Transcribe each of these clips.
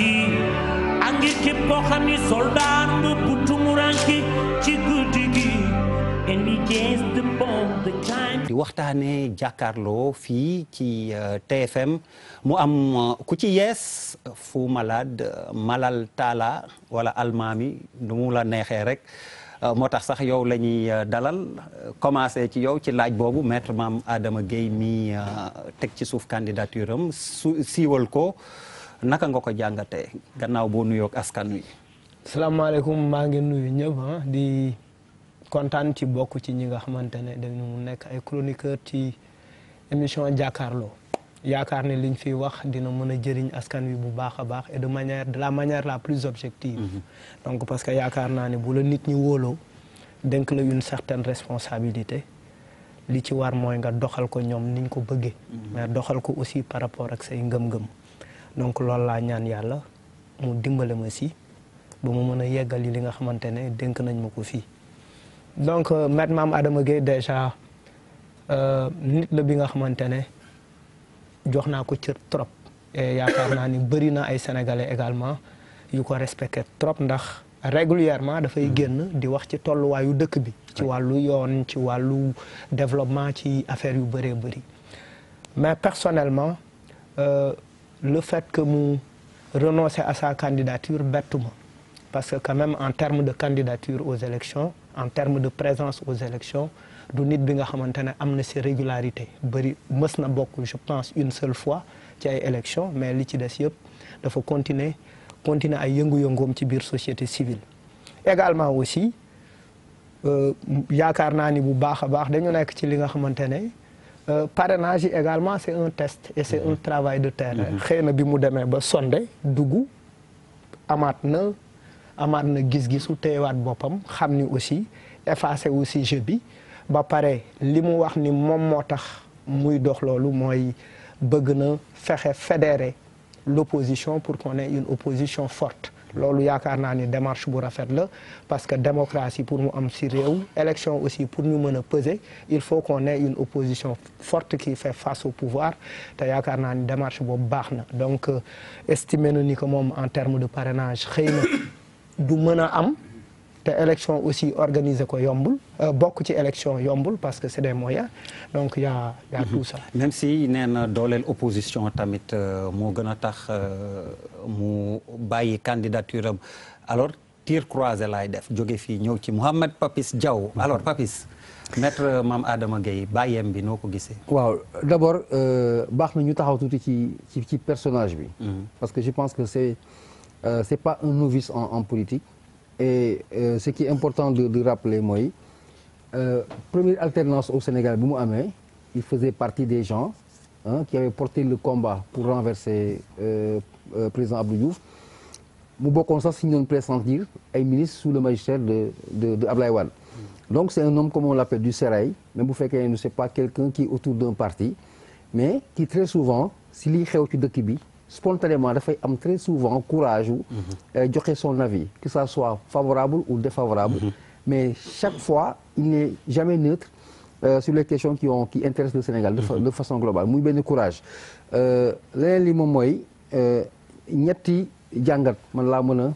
ji ak ngir képp koo xam bu tumuranki ci guddi gi di waxtaanee jàkkaarloo fii ci euh, TFM mu am euh, ku ci yees Fou Malade euh, Malal Talla wala Almaami nu mu la neexee rek moo tax sax yow la ñuy dalal commencé ci yow ci laaj boobu maître Mame Adama Guèye mi teg ci suuf candidature siiwal ko. naka nga ko jàngatee gannaaw boo nuyook askan wi. salaamaaleykum maa ngi nuyu ñëpp ah, di kontaan ci bokk ci ñi nga xamante ne dañu nekk ay chroniqueur ci émission jàkkaarloo yaakaar ne liñ fiy wax dina mën a jëriñ askan wi bu baax a baax et de manière de la manière la plus objective. Mhm. donc parce que yaakaar naa ne bu nit ñi wóoloo denk la une certaine responsabilité. li ci war mooy nga doxal ko ñoom niñ ko bëggee. Mhm. mais doxal ko aussi par rapport ak say ngëm donc loolu laa ñaan yàlla mu dimbale ma si ba mu mën a yeggal li nga xamante ne dénk nañ ma ko fii donc euh, maître Mame Adama Gueye déjà euh, nit la bi nga xamante ne jox naa ko cër trop et yaakaar naa ni bëri na ay sénégalais également yu ko respecté trop ndax régulièrement dafay hmm. génn di wax ci tolluwaayu dëkk bi ci wàllu yoon ci wàllu développement ci affaire yu bëree bëri mais personnellement euh, le fait que mu renoncer à sa candidature bettu ma parce que quand même en termes de candidature aux élections en termes de présence aux élections du nit bi nga xamante ne am na si régularité bëri mës na bokk je pense une seule fois ci ay élections mais li ci des yëpp dafa continuer continuer ay yëngu-yëngoom ci biir société civile également aussi euh, yaakaar naa ni bu baax a baax dañu nekk ci li nga xamante ne Euh, parrainage yi également c' est un test et c' est un mhm. travail de terrain. Mhm. xëy na bi mu demee ba sonde dugg amaat na amaat na gis-gisu téyewaat boppam xam ni aussi effacé wu si jeu bi ba pare li mu wax ni moom moo tax muy dox loolu mooy bëgg na fexe federe l' pour qu'on une opposition forte. loolu yaakaar naa ni démarche bu rafet la parce que démocratie pour mu am si réew élection aussi pour ñu mën a peser il faut qu'on ait une opposition forte qui fait face au pouvoir te yaakaar naa ni démarche boobu baax na donc euh, estimé na ni que moom en terme de parrainage xëy na du mën a am te aussi organiser ko yombul euh, bokk ci élection yombul parce que c'est des moyens donc y a y a tout ça. Mhm. même si nee na dooleel opposition tamit euh, moo gën a tax euh, mu bàyyi candidature alors tir croisé laay def joge fii ñëw ci Mouhamed Papis Diaw mhm. alors Papis. maître mam Adama Gueye bàyyeem bi noo ko gisee. waaw d' abord baax na ñu taxaw tuuti ci ci ci personnage bi. Mhm. parce que je pense que c' est euh, c' est pas un novice en politique. et euh, ce qui important de de rappeler mooy euh, première alternance au Sénégal bi mu amee il faisait partie des gens hein, qui avaient porté le combat pour renverser euh, euh, président Abdou Diouf mu bokkoon sax si ñu doon pressentir ay ministre sous le magistère de de de Ablaye donc c'est un homme comme on l'appelle du sérail même bu fekkee ne c'est pas quelqu'un qui est autour d'un parti mais qui très souvent si liy xew ci dëkk bi. spontanément dafay am très souvent courage wu mhm. euh, joxe son avis que ça soit favorable ou défavorable mhm. mais chaque fois il n'est jamais neutre euh, sur les questions qui ont qui intéressent le Sénégal de mhm. façon globale muy benn courage euh, leneen li moom mooy ñetti jàngat man laa mën a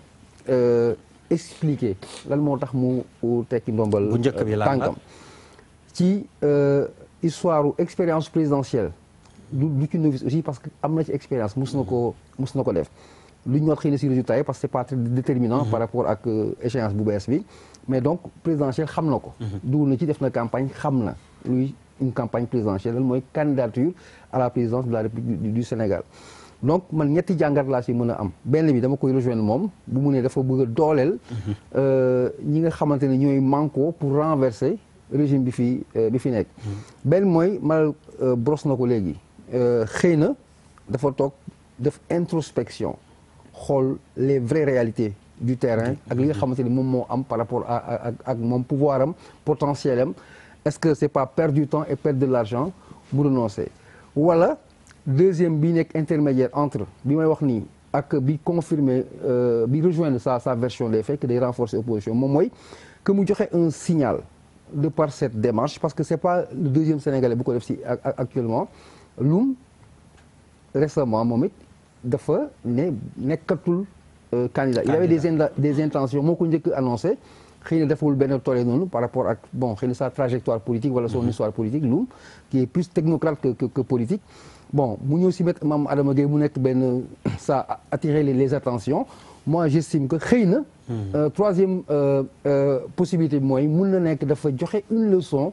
expliquer lan moo tax mu tekki ndombal tànkam ci histoire expérience présidentielle lu ci novice aussi parce que am na ci expérience mus na ko mus na ko def lu ñu ñëwaat xëy na si résultat yi parce que c'est pas très déterminant mhm. par rapport ak euh, échéance bu bees bi mais donc présidentielle xam na ko mhm. dugal na ci def na campagne xam na luy une campagne présidentielle mooy candidature à la présidence de la République du Sénégal donc man ñetti jàngat laa si mën a am benn bi dama koy rejoindre moom bu mu ne dafa bëgg a dooleel mhm. euh, ñi nga xamante ne ñooy manko pour renverser régime bi fi euh, bi fi nekk benn mooy mal brosse na ko léegi Euh, xëy na dafa toog def introspection xool les vraies réalités du terrain ak li nga xamante ni moom moo am par rapport ak ak moom pouvoir am potentiel am est-ce que c'est pas perdre du temps et perdre de l'argent bu renoncer wala deuxième bi nekk intermédiaire entre bi may wax nii ak bi confirmer euh, bi rejoindre sa sa version des faits que day renforcer opposition moom mooy que mu joxe un signal de par cette démarche parce que c'est pas le deuxième sénégalais bu ko def si actuellement lum récemment moom it dafa ne nekkatul euh, candidat il avait des des intentions moo ko njëkk annoncé xëy na defawul benn toole noonu par rapport ak bon xëy na sa trajectoire politique wala soon mhm. histoire politique Loum qui est plus technocrate que que bon mu ñëw si mettre Mame Adama Gueye mu nekk benn sa attirer les attentions moi j'estime que xëy na mhm. euh, troisième euh, possibilité bi mooy mun na nekk dafa joxe une leçon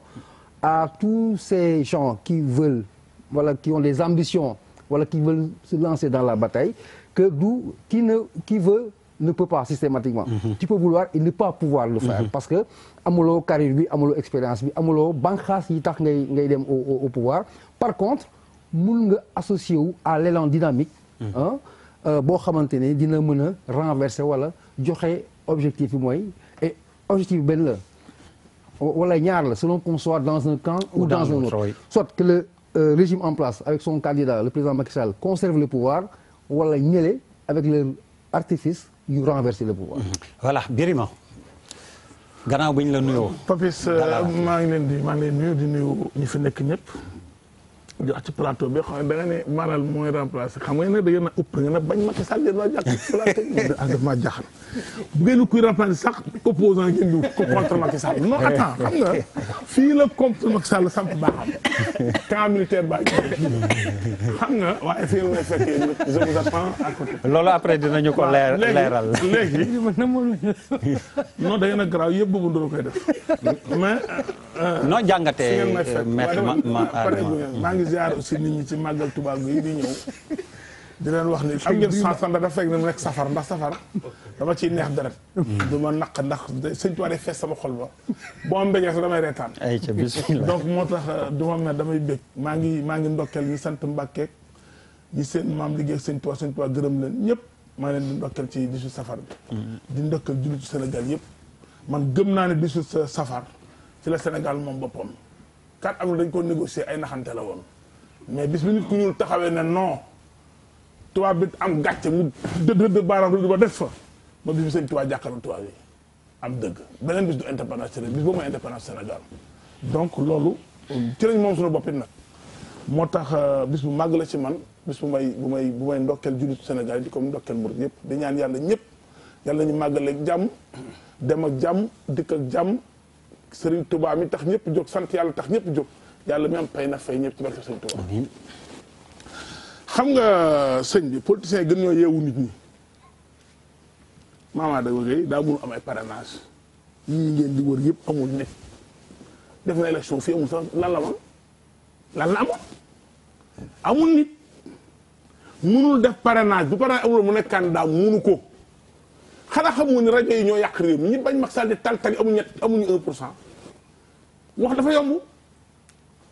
à tous ces gens qui veulent voilà, qui ont les ambitions, wala qui veulent se lancer dans la bataille, que d'où qui, ne, qui veut ne peut pas systématiquement. Mm -hmm. Tu peux vouloir et ne pas pouvoir le faire. Mhm. Parce que, amolo carrière, bi, amolo expérience, bi, amolo bankas, yi tak au, pouvoir. Par contre, nous associé à l'élan dynamique, mm -hmm. hein, euh, bon, xamantene, dina mëna renverser, wala joxe objectif moy, et objectif ben la, wala nyar la, selon qu'on soit dans un camp ou, dans, un autre. euh, régime en place avec son candidat le président Macky Sall conserve le pouvoir wala ñële avec leur artifice yu renverser le pouvoir. voilà Birima gannaaw bu ñu le nuyoo. Papis euh, maa ngi leen di maa ngi leen di nuyu ñi fi nekk ñëpp. jox ci plateau bi xam da Maral mooy remplacé xam nga ne da ngeen a ëpp da a bañ Macky Sall yéen a jàpp ci plateau bi. Ah, daf maa jaaxal bu ngeen kuy remplacé sax opposant ngeen di contre Macky Sall non attends nga fii la contre Macky Sall samp baaxam camp militaire la fekkee je vous attends à côté. loolu après ko leer leeral. léegi non da ngeen a garaaw yëpp boobu koy def mais. Euh, non jàngatee. ma ma ziar aussi nit ñi ci màggal tubaab yi di ñëw di leen wax ni xam ngeen sansan dafa fekk ne mu nekk safar ndax safar dama ciy neex deret mm. du ma naq ndax sëñ Tuubaa fees sama xol ba boo am mbégee sax damay reetaan donc moo tax euh, du ma mer damay bég maa ngi maa ngi ndokkeel ñi sant Mbàkke ñi seen maam liggéey sëñ Tuubaa sëñ Tuubaa gërëm leen ñëpp maa leen di ndokkeel ci disu safar bi mm. di ndokkeel jullitu Sénégal yëpp man gëm naa ne disu safar ci la Sénégal moom boppam quatre am dañ ko négocier ay naxante la woon mais bis bi nit ku ñuul taxawee ne non tubaab bi am gàcce mu dëdd dëdd baaraam rëdd ba def fa ba bis bi sëñ tubaab jàkkaarloo tubaab yi am dëgg beneen bis du indépendance Sénégal bis boobu mooy indépendance Sénégal donc loolu ci lañ moom suñu boppit nag moo tax euh, bis bu màgg la ci man bis bu may bu may bu may ndokkeel jullit Sénégal yi di comme ndokkeel murit yëpp di ñaan yàlla ñëpp yàlla ñu màggaleeg jàmm dem ak jàmm dikk ak jàmm Sëriñ tubaab mi tax ñëpp jóg sant yàlla tax ñëpp jóg yàlla mi am pay na fay ñëpp ci barke sëñ Tuubaa xam nga sëñ bi politiciens gën ñoo yeewu nit ñi maama da wëgey daa mënu am ay parrainage yi ngeen di wër yëpp amul nit def na élection fii amul sax lan la woon amul nit mënul def parrainage bu parrainage amul mu nekkaan daa mënu ko xanaa xam ne rajo yi ñoo yàq réew mi ñi bañ Macky Sall di tal tal amuñu ñett amuñu un pour cent wax dafa yomb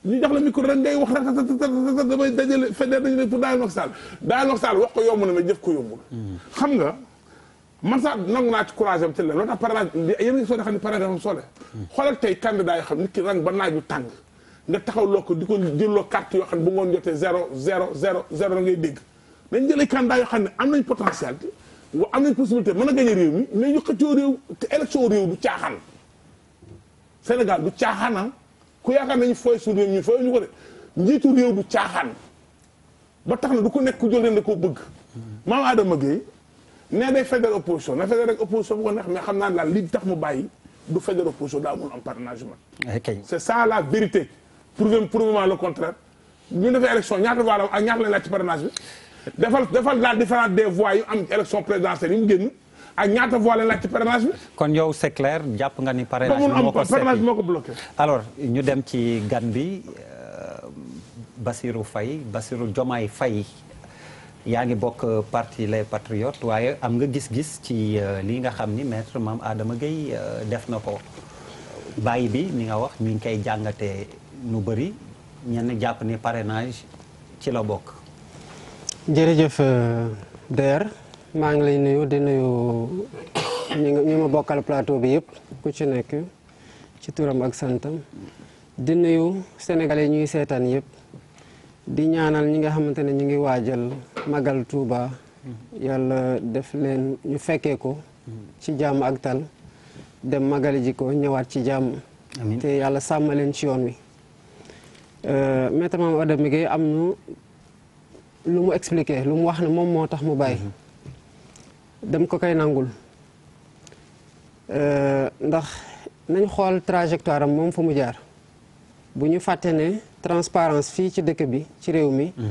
ñu jox la micro rek ngay wax rek damay dajale fédéral dañu ne pour daal Macky Sall daal Macky Sall wax ko yomb na mais jëf ko yombul. xam nga man sax nangu naa ci courage am ci la loolu a ngi soo xam ne parrainage am sole xoolal tey candidat yoo xam ba naaj yu tàng nga taxaw loo ko di ko jëloo carte yoo xam ne bu ngoon jotee zéro zéro zéro zéro ngay dégg dañ jëlee candidat yoo xam ne am nañ potentiel wa am nañ possibilité mën na gagné réew mi mais ñu xëccoo réew te élection réew du caaxaan Sénégal du caaxaana ah. ku yaakaar ñu fooy suñu réew ñu fooy ñu ko de njiitu réew du caaxaan ba tax na du ko nekk ku jóg leen da koo bëgg. maam Adama Gueye nee day fédéral opposition na fédéral rek opposition bu ko neex mais xam naa daal li tax mu bàyyi du fédéral opposition daa amul am partenariat. ok eh, ça la vérité prouvé prouvement le contraire ñu defee élection ñaata voix ak ñaata lañ laaj ci parrainage bi defal defal la différence des voix yu am élection présidentielle yu génn. ak ñaata voix la laaj ci parrainage bi. kon yow c'est jàpp nga ni parrainage bi moo ko parrainage moo alors ñu dem ci gan bi euh, Bassirou fay Bassirou Diomaye fay yaa ngi bokk parti les patriotes waaye am nga gis-gis ci euh, lii nga xam ni maître Mame Adama Gueye euh, def na ko bàyyi bi ni nga wax ñu ngi koy jàngatee nu bëri ñenn jàpp ni parenage ci la bokk. jërëjëf Der. maa ngi lay nuyu di nuyu ñi ma bokkal plateau bi yëpp ku ci nekk ci turam ak santam di nuyu sénégalais ñuy seetaan yëpp di ñaanal ñi nga xamante ne ñu ngi waajal magal Touba yàlla def leen ñu fekkee ko ci jàmm ak tal dem magali ji ko ñëwaat ci jàmm te yàlla sàmm leen ci yoon wi euh, maître Mame Adama Gueye am nu lu mu expliqué lu mu wax ne moom moo tax mu bàyyi mhm. dam ko koy nangul euh, ndax nañ xool trajectoire am moom fu mu jaar bu ñu fàtte ne transparence fii ci dëkk bi ci réew mi mhm.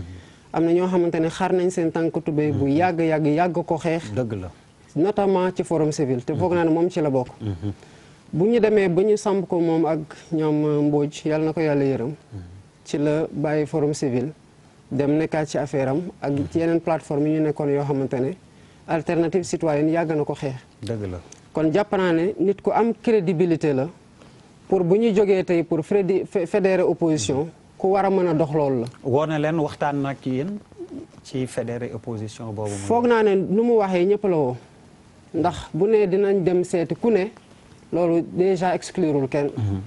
am na ñoo xamante ne xar nañ seen tànk tubéy bu mhm. yàgg yàgg yàgg ko xeex dëgg la notamment ci forum civil te foog naa ne moom ci la bokk mhm. bu ñu demee ba ñu samp ko moom ak ñoom euh, Mbodj yàlla na ko yàlla yërëm ci la bàyyi forum civil dem nekkaat ci affaire am ak yeneen plateforme yi ñu nekkoon yoo xamante ne alternative citoyenne yàgg na ko xeex. dëgg la kon jàpp naa ne nit ku am crédibilité la pour bu ñu jógee tey pour fédérer opposition ku war a mën a dox loolu la. woo na leen waxtaan na ak yéen ci fédérer opposition boobu. foog naa ne nu mu waxee ñëpp la woo ndax bu nee dinañ dem seeti ku ne loolu déjà exclurul kenn. Mhm.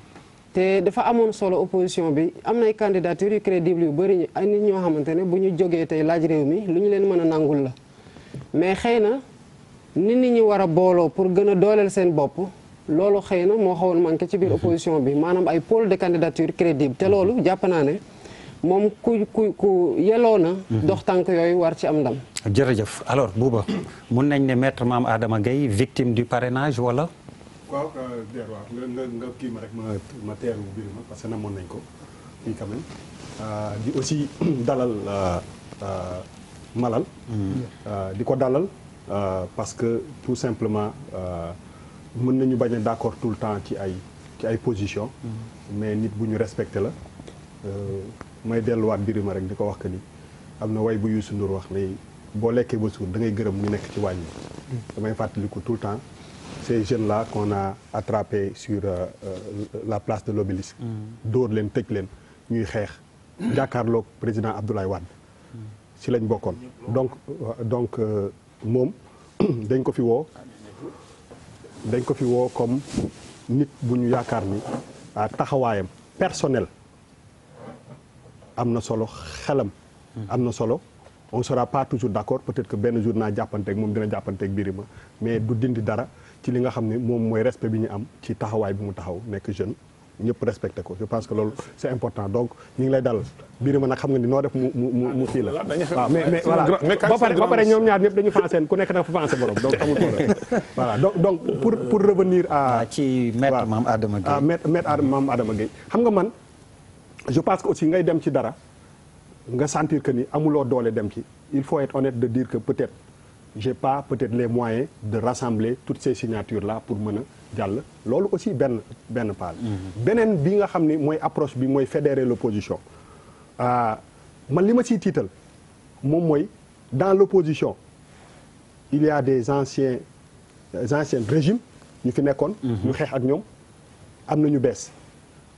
te dafa amoon solo opposition bi am nay candidature yu crédible yu bëri ay nit ñoo xamante ne bu ñu jógee tey laaj réew mi lu ñu leen mën a nangul la. mais xëy na ni nit ñi war a booloo pour gën a dooleel seen bopp loolu xëy na moo xawoon manqué ci biir mhm. opposition bi maanaam ay pole de candidature crédible te loolu jàpp naa ne moom ku ku ku yelloo na. Mhm. dox tànk yooyu war ci am ndam. jërëjëf alors buuba mun nañ ne maître Mame Adama Gueye victime du parrainage wala. waaw der euh, nga kii ma rek ma ma teeru biir parce que namoon nañ ko fii quand euh, di aussi dalal. Euh, malal mm-hmm. euh, di ko dalal euh, parce que tout simplement euh, mën nañu bañ a d'accord tout le temps ci ay ci ay position mm-hmm. mais nit bu ñu respecté la may delluwaat ma rek di ko wax que ni am na way bu Youssou Ndour wax ne boo lekkee ba suur da ngay gërëm ñu nekk ci wàññi mm-hmm. damay fàttaliku tout le temps ces jeunes là qu'on a attrapé sur la place de l'obélisque dóor leen tëj leen ñuy xeex jàkkaarlook président Abdoulaye Wade ci lañ bokkoon donc euh, donc euh, moom dañ ko fi woo dañ ko fi woo comme nit bu ñu yaakaar ni taxawaayam personnel am na solo xelam am na solo on sera pas toujours d'accord peut-être que benn jour naa jàppanteeg moom dina jàppanteeg Birima mais du dindi dara ci li nga xam ni moom mooy respect bi ñu am ci taxawaay bi mu taxaw nekk jeune ñëpp respecte ko je pense que loolu c' est important donc ñu ngi lay dal Birima nag xam nga ni noo def mu mu mu fii la. waaw ah, mais mais voilà ba pare ba pare ñoom ñaar ñëpp dañu fanseen ku nekk dafa fansé borom donc amul problème pour pour revenir à. Ah, ci maître Mame Adama Gueye ah maître Adama Gueye xam nga man je pense que aussi ngay dem ci dara nga sentir que ni amuloo doole dem ci il faut être honnête de dire que peut-être j'ai pas peut-être les moyens de rassembler toutes ces signatures là pour mën a. jàll loolu aussi benn benn paal beneen bi nga xam ni mooy approche bi mooy fédérer l'opposition euh, man li ma ciy tiital moom mooy dans l'opposition il y des anciens des anciens régimes ñu fi nekkoon mhm. ñu xeex ak ñoom am na ñu bees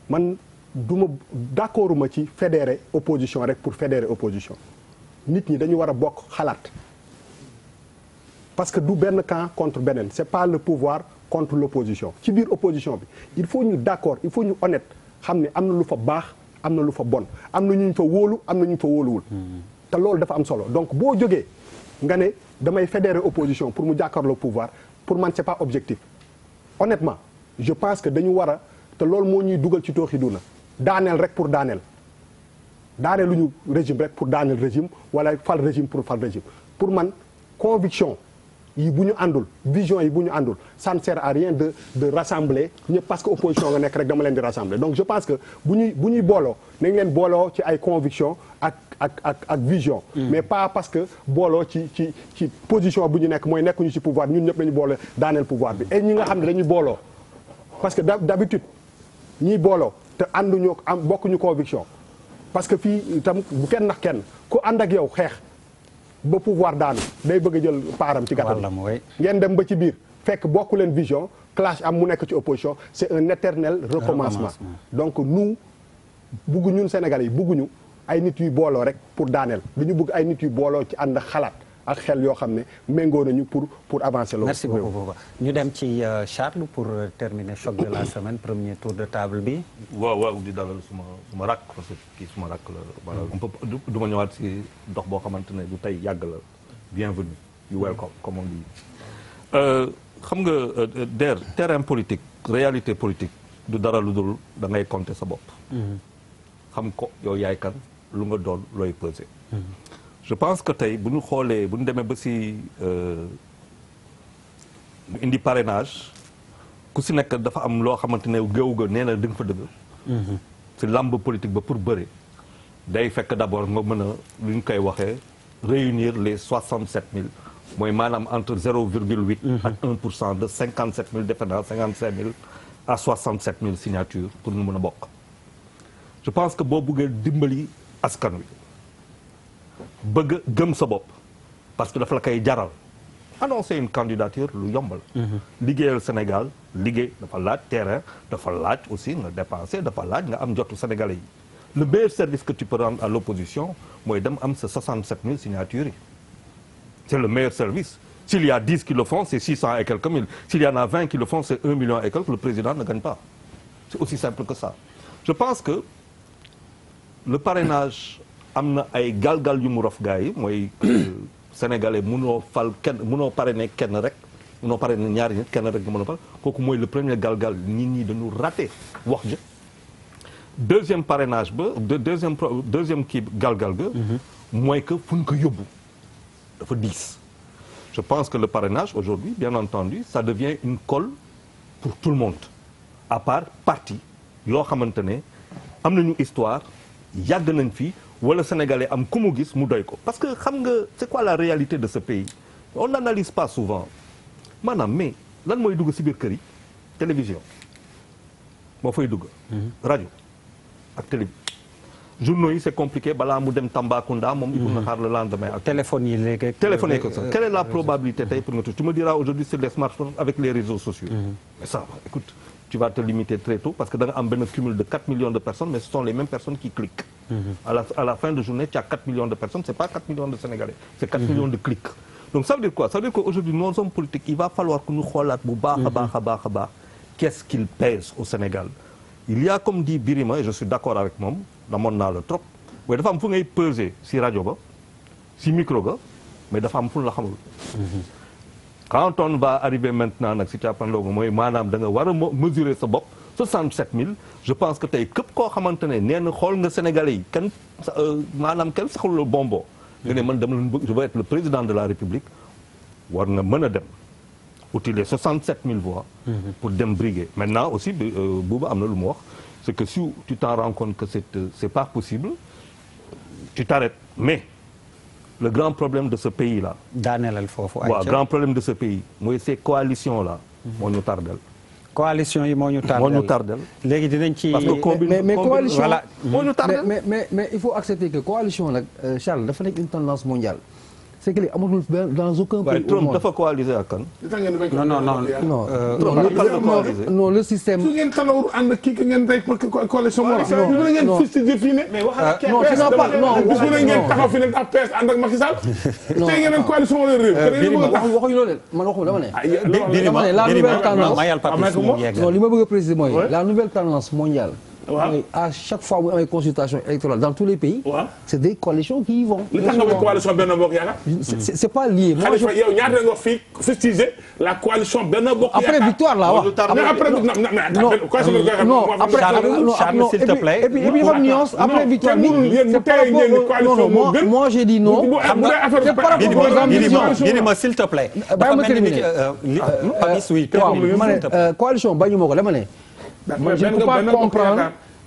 man duma ma d'accord ma ci fédérer opposition rek pour fédérer opposition nit ñi dañu war a bokk xalaat parce que du benn camp contre beneen c'est pas le pouvoir contre l'opposition ci biir opposition bi il faut ñu d'accord il faut ñu honnête xam ne am na lu fa baax am na lu fa bon am na ñu fa wóolu am na ñu fa wóoluwul te loolu dafa am solo donc boo jogee nga ne damay fédérer opposition pour mu jàkkaarloo pouvoir pour man c'est pas objectif honnêtement je pense que dañu war a te loolu moo ñuy dugal ci tooxi duna daaneel rek pour daaneel daaneel lu ñu régime rek pour daaneel régime wala fal régime pour fal régime pour man conviction yi bu ñu àndul vision yi bu ñu àndul ça ne à rien de de rassembler ñëpp parce que opposition nga nekk rek dama leen di rassembler donc je pense que bu ñuy bu ñuy booloo nañ leen booloo ci ay conviction ak ak ak ak vision mm. mais pas parce que booloo ci ci ci position bu ñu nekk mooy nekkuñu ci pouvoir ñun ñëpp lañu boole daaneel pouvoir bi et ñi nga xam ne dañuy booloo parce que d'habitude ñiy booloo te ànduñu am bokkuñu conviction parce que fii itam bu kenn nax kenn ku ànd ak yow xeex ba pouvoir daanu day bëgg a jël paaram ci gàttal ngeen dem ba ci biir fekk bokku leen vision clash am mu nekk ci opposition c'est un éternel recommencement donc nous bugg ñun Sénégalais yi bugguñu ay nit yu booloo rek pour daaneel dañu bugg ay nit yu booloo ci ànd xalaat ak xel yoo xam ne méngoo nañu pour pour avancer. loolu merci beaucoup Bouba ñu dem ci euh, Charles pour euh, terminer choc de la semaine premier tour de table bi. waaw waaw di dalal suma suma rakk parce que kii suma rakk la. on peut du ma ñëwaat si dox boo xamante ne du tey yàgg la bienvenue you welcome comme on dit. Euh, xam nga der terrain politique réalité politique du dara lu dul da ngay sa bopp. Mhm. xam ko yow yaay kan lu nga doon looy peser. Mhm. je pense que tey bu ñu xoolee bu ñu demee ba si lu euh, indi parrainage ku si nekk dafa am loo xamante ne géew ga nee na di nga fa dëgg. Mhm. si làmb politique ba pour bëre day fekk d'abord nga mën a lu ñu koy waxee réunir les soixante sept mille mooy maanaam entre zéro virgule huit mhm. ak un pour cent de cinquante sept mille défendants cinquante cinq mille à soixante sept mille signatures pour nu mën a bokk je pense que boo buggee dimbali askan wi bëgg gëm parce que dafa la koy jaral annoncer une candidature lu yombal mhm. liggéeyal Sénégal liggéey dafa laaj terrain dafa laaj aussi nga dépenser dafa laaj nga am jotu sénégalais yi le meilleur service que tu peux à l'opposition mooy dem am sa 67 000 signatures yi c'est le meilleur service s'il y a 10 qui le font c'est 600 et quelques mille s'il y en a 20 qui le font c'est 1 million et quelques le président ne gagne pas c'est aussi simple que ça je am na ay galgal yu mu rof gars yi mooy sénégalais munoo fal kenn munoo pare ne kenn rek munoo pare ne ñaari nit kenn rek nga mën a fal kooku mooy le premier galgal nit ñi dañu raté wax ja deuxième parrainage ba deuxième deuxième kii galgal ga mhm. mooy que fu ñu ko yóbbu dafa diis je pense que le parrainage aujourd'hui bien entendu ça devient une colle pour tout le monde à part parti yoo xamante ne am nañu histoire yàgg nañ fii wala sénégalais am ku mu gis mu doy ko parce que xam nga c'est quoi la réalité de ce pays on n'analyse pas souvent maanaam mais lan mooy dugg ci biir kër yi télévision moo fay dugg. Mhm. rajo ak télé. journaux yi c'est compliqué balaa mu dem Tambacounda moom. il faut mhm. nga xaar le lendemain ak. téléphone yi léegi. téléphone yi sax euh, quelle est la euh, probabilité tey pour nga tu me diras aujourd'hui sur les smartphones avec les réseaux sociaux. Mhm. mais ça écoute. tu vas te limiter très tôt parce que da nga am benn de 4 millions de personnes mais ce sont les mêmes personnes qui cliquent. Mm-hmm. à la fin de journée tu as millions de personnes c'est pas 4 millions de Sénégalais. c'est 4 millions de clics. donc ça veut dire que aujourd'hui nos hommes politiques il va falloir a baax a mm-hmm. baax a baax qu'est-ce qu'il pèse au Sénégal il y a comme dit Birima et je suis d'accord avec moom namoon naa trop fu ngay mais dafa am fu quand on va arriver maintenant nag si càppanlaw ga mooy maanaam da nga war a mesurer sa bopp 67000 je pense que tey képp koo xamante ne nee na xool nga sénégalais yi kenn euh, maanaam kenn saxul la bombo mm-hmm. nga ne man dama leen bëgg je veux être le président de la république war nga mën a dem outil les 67000 voix mm-hmm. pour dem briguer maintenant aussi euh, Bouba am na lu mu wax c'est que si tu t'en rends compte que c'est euh, c'est pas possible tu t'arrêtes mais le grand problème de ce pays là. daaneelal foofu. ay waaw grand problème de ce pays mooy ces coalitions là. Mhm. moo ñu tardel. coalition yi moo ñu tardel moo ñu tardel. léegi dinañ ci parce que combine mais mais coalition voilà mhm. moo ñu tardel mais mais mais il faut accepter que coalition nag euh, Charles dafa nekk une tendance mondiale. c'est que li amatul dans aucun pays au monde dafa coaliser ak kan. non non non euh, non. non le système. su ngeen talawul ànd ak kii ngeen rey pour que coalition moo non non ngeen fustiger fii ne. mais waxal euh, kenn non sinon pas non waxal non ngeen taxaw fii ne APS ànd ak Macky Sall. non tey ngeen coalition wala réew. Euh, waxuñu loolu man waxuma dama ne. Ah, dama ne la nouvelle tendance. non li ma bëgg a préciser mooy. la nouvelle tendance mondiale. waaw mooy à chaque fois bu amee consultation électorale dans tous les pays. waaw c' est des coalitions qui y vont. li tax nga wax coalition Benno Bokk Yaakaar. c' est pas lié. moi je yow ñaata nga fi fustiger la coalition Benno Bokk Yaakaar. après victoire la waaw après non non après non et puis dafa nuance après victoire bi. c' est par rapport non non moi j' ai dit non. c' est par rapport aux ambitions bi ma s' il te plaît. bàyyi ma terminer. coalition bañu ma ko dama ne. mais je ne peux pas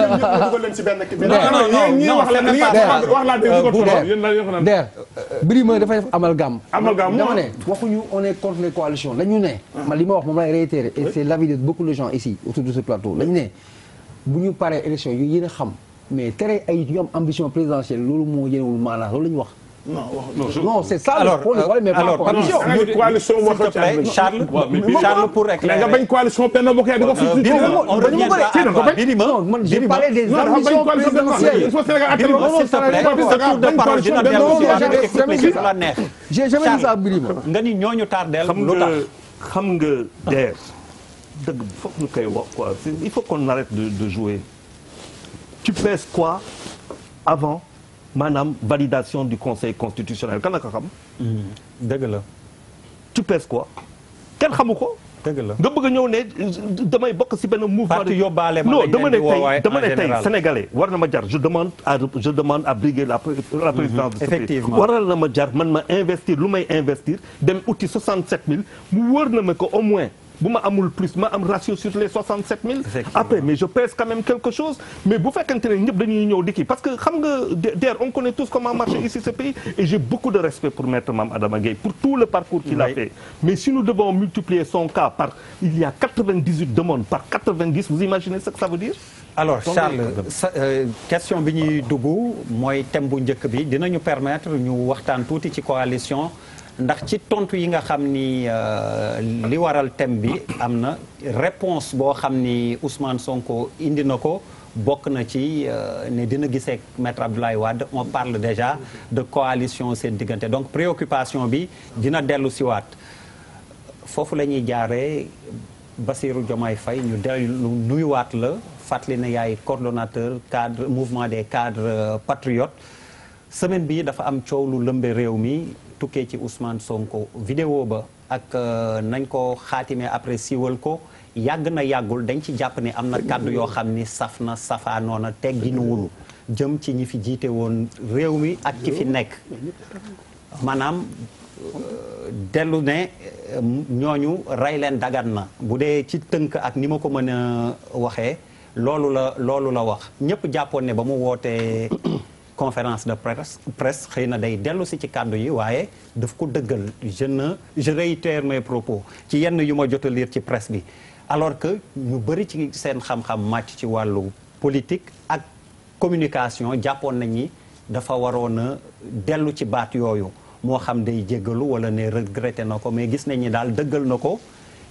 der Birima dafay def amal gàmm dama ne waxuñu on est contre les coalitions la ñu ne man li ma wax moom lay réitérer et c'est l'avis de beaucoup de gens ici autour de ce plateau ne bu ñu paree élection yu yéen xam mais tere ay ñu am ambition présidentielle loolu moo yénewul maanaam loolu la ñu wax non non c'est ça alors, le problème mais alors, pas coalition Charles Charles pour réclamer nga bañ coalition Benno Bokk Yaakaar di ko on revient à Birima j'ai parlé des ambitions présidentielles j'ai jamais dit ça Birima nga ni ñooñu tardel lu tax xam nga der dëgg foog ñu koy wax quoi il faut qu'on arrête de de jouer tu pèses quoi avant maanaam validation du conseil constitutionnel kan la ko hmm. la. tu pèses quoi kenn xamu ko. dëgg la nga bëgg a ñëw ne damay bokk si benn mouvement. parti yóbbaale ma non dama ne tey dama ne sénégalais war na ma jar je demande à je demande à briguer la la présidence de ce pays. effectivement waral na ma jar man ma investir lu may investir dem uti 67000 mu wóor na ma ko au moins. bu ma amul plus ma am ratio sur les 67000. après mais ne ñëpp ñëw di kii parce que xam nga der on connaît tous comment marche mm-hmm. ici ce pays et j'ai beaucoup de respect pour maître Mame Adama par il y a 98 demandes euh, question bi ñuy dugg mooy thème bu njëkk bi dinañu permettre ñu waxtaan tuuti ci coalition ndax ci tontu yi nga xam ni euh, li waral thème bi am na réponse boo xam ni Ousmane Sonko indi na ko bokk na ci euh, ne dina gisee ak maître Abdoulaye Wade on parle déjà de coalition seen diggante donc préoccupation bi dina dellu siwaat foofu la ñuy jaaree Bassirou Diomaye fay ñu dellu nuyuwaat la fàttali ne yaay coordonnateur cadre mouvement des cadre euh, patriotes semaine bi dafa am coow lu lëmbe réew mi tukkee ci Ousmane Sonko vidéo ba ak euh, nañ ko xaatime après siiwal ko yàgg na yàggul dañ ci jàpp ni am na kàddu yoo xam ni saf na safaanoo na tegginuwul jëm ci ñi fi jiite woon réew mi ak ki fi nekk maanaam euh, dellu ne euh, ñooñu rey leen dagan na bu dee ci tënk ak ni ma ko mën a waxee loolu la loolu la wax ñëpp jàppoon ne ba mu wootee conférence de presse presse xëy na day dellu ci kàddu yi waaye daf ko dëggal je ne je réitère mes propos ci yenn yu ma jot a ci presse bi alors que ñu bëri ci seen xam-xam màcc ci wàllu politique ak communication jàppoon nañ ni dafa waroon a dellu ci baat yooyu moo xam day jéggalu wala ne regretté na ko mais gis nañ ni daal dëggal na ko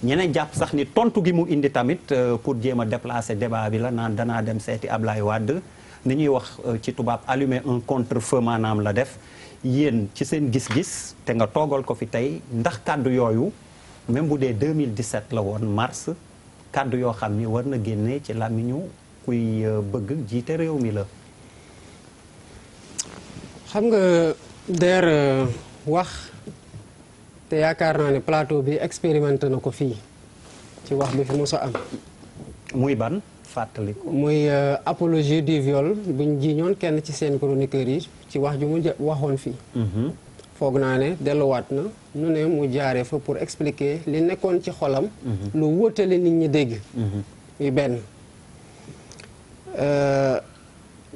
ñeneen jàpp sax ni tontu gi mu indi tamit euh, pour jéem a déplacer débat bi la naan danaa dem seeti Ablaye Wade ni ñuy wax euh, ci tubaab allumer un contre-feu maanaam la def yéen ci seen gis-gis te nga toogal ko fi tey ndax kàddu yooyu même bu dee 2017 la woon mars kàddu yoo xam ni war na génne ci làmmiñu kuy euh, bëgg jiite réew mi la. xam nga der euh, wax te yaakaar naa ne plateau bi expérimenté na ko fii ci wax bi fi mos a am. muy ban. fàttali ko. muy euh, apologie du viole buñ jiiñoon kenn ci seen chroniqueur yi ci wax ju mu waxoon fii. Mm-hmm. foog naa ne delluwaat na nu ne mu jaaree fa pour expliquer li nekkoon ci xolam. Mm-hmm. lu wóotale nit ñi dégg. Mm-hmm. muy benn. Euh,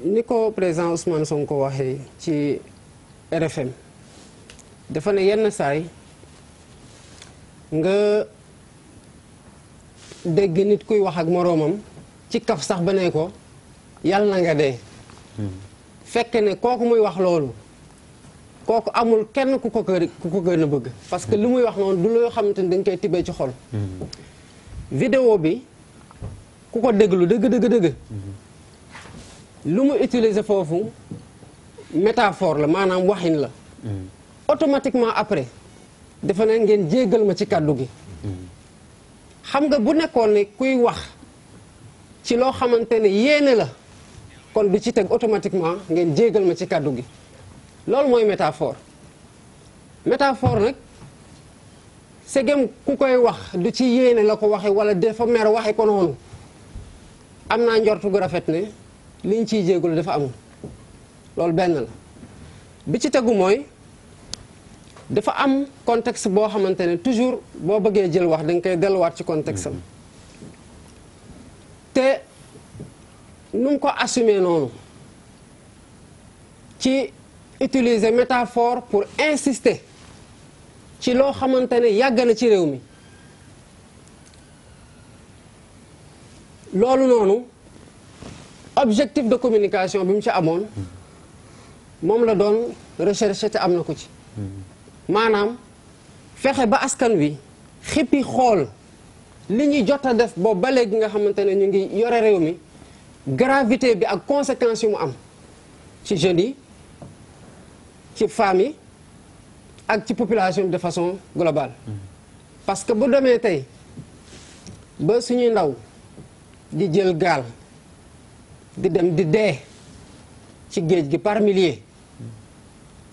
ni ko président Ousmane ko waxee ci RFM dafa ne yenn saay nga dégg nit kuy wax ak moroomam. ci kaf sax ba ne ko yàlla na nga dee fekk ne kooku muy wax loolu kooku amul kenn ku ko ku ko gën a bëgg parce que li muy wax noonu du loo xamante ni dañ koy tibee ci xol vidéo bi ku ko déglu dëgg dëgg lu mu utiliser foofu métaphore la maanaam waxin la automatiquement après dafa ne ngeen jéggal ma ci kàddu gi xam nga bu nekkoon ne kuy wax ci loo xamante ne yéene la kon du ci teg automatiquement ngeen jéegal ma ci kàddu gi loolu mooy métaphore métaphore nag segem ku koy wax du ci yéene la ko waxe wala dafa mer waxe ko noonu am naa njortu gu rafet ne liñ ciy jéegul dafa amul loolu benn la bi ci tegu mooy dafa am contexte boo xamante ne toujours boo bëggee jël wax da koy delluwaat ci contexte te nu mu ko assumer noonu ci utiliser métaphore pour insisté ci loo xamante ne yàgg na ci réew mi loolu noonu objectif de communication bi mu ci amoon moom la doon recherche te am na ko ci hmm. maanaam fexe ba askan wi xippi xool li ñuy jot a def boobu ba léegi nga xamante ne ñu ngi yore réew mi gravité bi ak conséquences yu mu am ci jeunes yi ci femmes yi ak ci population de façon globale. Mm-hmm. parce que bu demee tey ba suñuy ndaw di jël gaal di dem di dee ci géej gi par milliers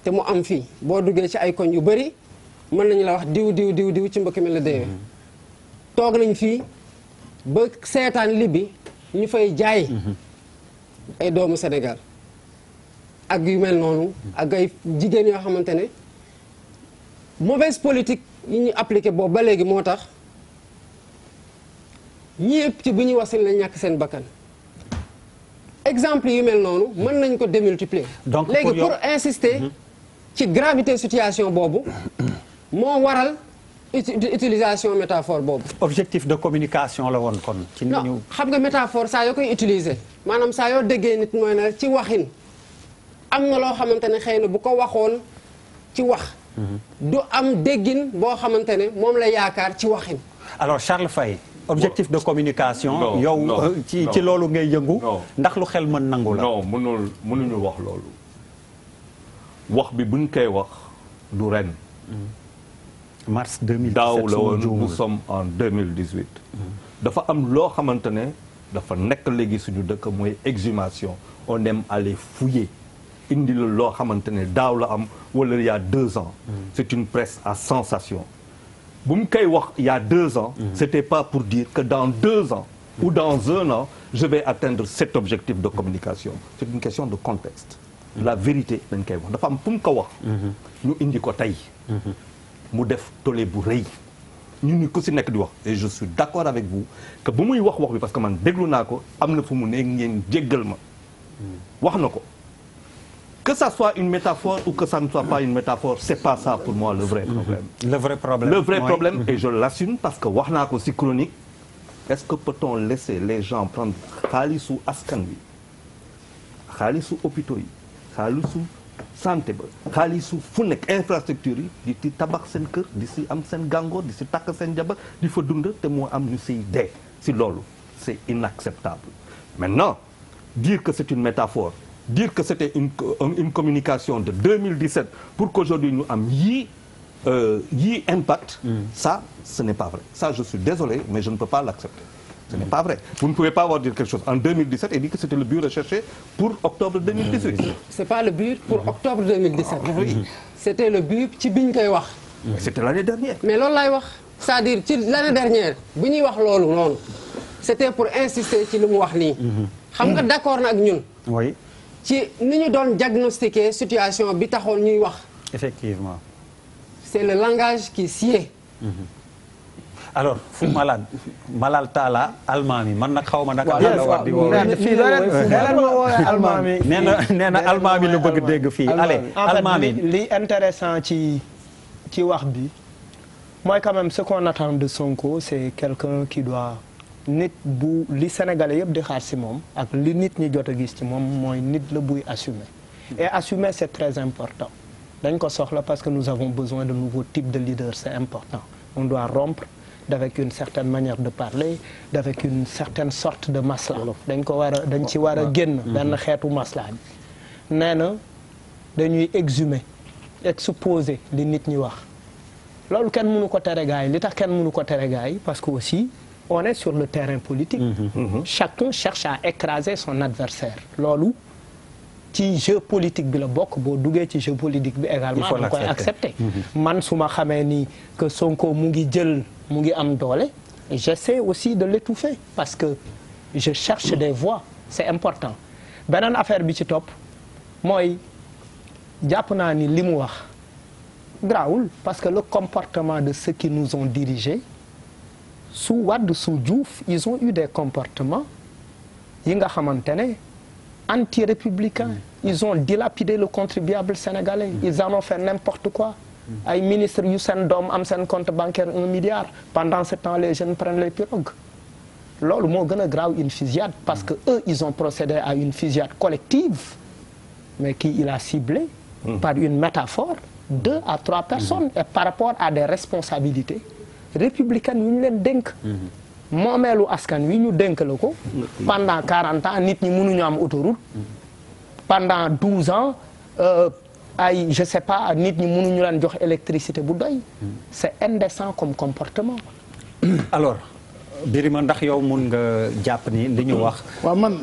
te mu am fii boo duggee ci ay koñ yu bëri mën nañu la wax diw diw diw diw ci mbokk mi la deewee. Mm-hmm. toog nañ fii ba seetaan Libye ñu fay jaay ay doomu Sénégal ak yu mel noonu ak ay jigéen yoo xamante ne mauvaise politique yi ñu appliqué boobu ba léegi moo tax ñëpp ci bu ñuy wax seen la ñàkk seen bakkan exemple yu mel noonu mën nañ ko démultiplier donc léegi pour insister ci gravité situation boobu moo waral utilisation métaphore boobu. objectif de communication la woon kon. ci ni xam nga métaphore saa yoo koy utiliser maanaam saa déggee nit mooy ne ci waxin am na loo xamante ne xëy na bu ko waxoon ci wax. Mhm. du am déggin boo xamante ne moom la yaakaar ci waxin. alors Charles fay objectif de communication. yow euh, ci ci loolu ngay yëngu. ndax lu xel mën nangu la. non mënul mënuñu wax loolu. wax bi buñ koy wax du ren. Mhm. mars 2017 daaw la woon nous sommes en 2018. dafa am loo xamante ne dafa nekk léegi suñu dëkk mooy exhumation on aime aller fouiller indi la loo xamante ne daaw la am wala il y deux ans. c'est une presse à sensation. bu mu koy wax il y a deux ans. Mhm. c'était pas pour dire que dans deux ans. ou dans un an je vais atteindre cet objectif de communication c'est une question de contexte. la mhm. vérité dañ koy wax dafa am fu mu ko wax. Mhm. ñu indi ko tey. mu def tollé bu rëy ñun ñu ko si nekk di wax et je suis d'accord avec vous que bu muy wax wax bi parce que man déglu naa ko am na fu mu ne ngeen jéggal ma wax na ko que ça soit une métaphore ou que ça ne soit pas une métaphore c'est pas ça pour moi le vrai problème mm-hmm. le vrai problème et mm-hmm. je l'assume parce que wax naa ko si chronique est-ce que peut-on laisser les gens prendre xaalisu askan wi xaalisu hôpitaux yi santé ba xaalisu fu nekk infrastructure yi di ci tabax seen kër di si am seen gàngoor di si takk seen jabar di fa dund te moo am nu siy dee si loolu c'est inacceptable maintenant dire que c'est une métaphore dire que c'était une une communication de 2017 pour qu'aujourd'hui ñu am yii euh, yii impact mm. ça ce n'est pas vrai ça je suis désolé mais je ne peux pas l'accepter Ce n'est pas vrai. Vous ne pouvez pas avoir dit quelque chose en et dire que c'était le but recherché pour octobre 2018. C'est pas le but pour octobre C'était le but ci biñ koy wax. Mais c'était l'année dernière. Mais loolu laay wax c'est-à-dire ci l'année dernière bu ñuy wax loolu noonu c'était pour insister ci li mu wax nii. Mhm. xam nga d'accord na ak ñun. oui ci ni ñu doon diagnostiquer situation bi taxoon ñuy wax. effectivement. c'est le langage qui sied. Mhm. alors fu malade malal taala almaam man nag xaw ma naka la war di nee na nee na almaam yi la bëgg dégg fii allez almaam yi li intéressant ci ci wax bi mooy quand même ce attend de Sonko c'est quelqu'un qui doit nit bu li Sénégalais yëpp di xaar si moom ak li nit ñi jot a gis ci moom mooy nit la buy assumer et assumer c'est très important dañ ko soxla parce que nous avons besoin de nouveaux types de leaders c'est important on doit rompre d'avec une certaine manière de parler d'avec une certaine sorte de masla dañ ko war a dañ ci war a génn mhm. benn xeetu masla bi nee na dañuy exhumer exposer di nit ñi wax loolu kenn mënu ko tere li tax kenn mënu ko tere yi parce que aussi on est sur le terrain politique mhm. Mhm. chacun cherche à écraser son adversaire loolu ci jeu politique bi la bokk boo duggee ci jeu politique bi également da nga koy accepter mm-hmm. man su ma xamee ni que Sonko mu ngi jël mu ngi am doole j'essaie aussi de l'étouffer parce que je cherche des voies c'est important beneen affaire bi ci topp mooy jàpp naa ni li mu wax grawul parce que le comportement de ceux qui nous ont dirigés sous Wade sous Diouf ils ont eu des comportements yi nga xamante ne anti-républicains. Mm. Ils ont dilapidé le contribuable sénégalais. Mm. Ils en ont fait n'importe quoi. Mm. ay ministre yu seen doom am seen compte bancaire un milliard pendant ce temps les jeunes prennent les pirogues loolu moo gën a grave une fusillade parce que eux ils ont procédé à une fusillade collective mais qui il a ciblé par une métaphore deux à trois personnes et par rapport à des responsabilités républicaines yu ñu leen dénk moomeelu askan wi ñu dénk la ko. pendant 40 ans nit ñi mënuñu am autoroute. pendant 12 ans euh, ay je sais pas nit ñi mënuñu leen jox électricité bu doy. c'est indécent comme comportement. alors Birima ndax yow mun nga jàpp nii li ñu wax. waaw man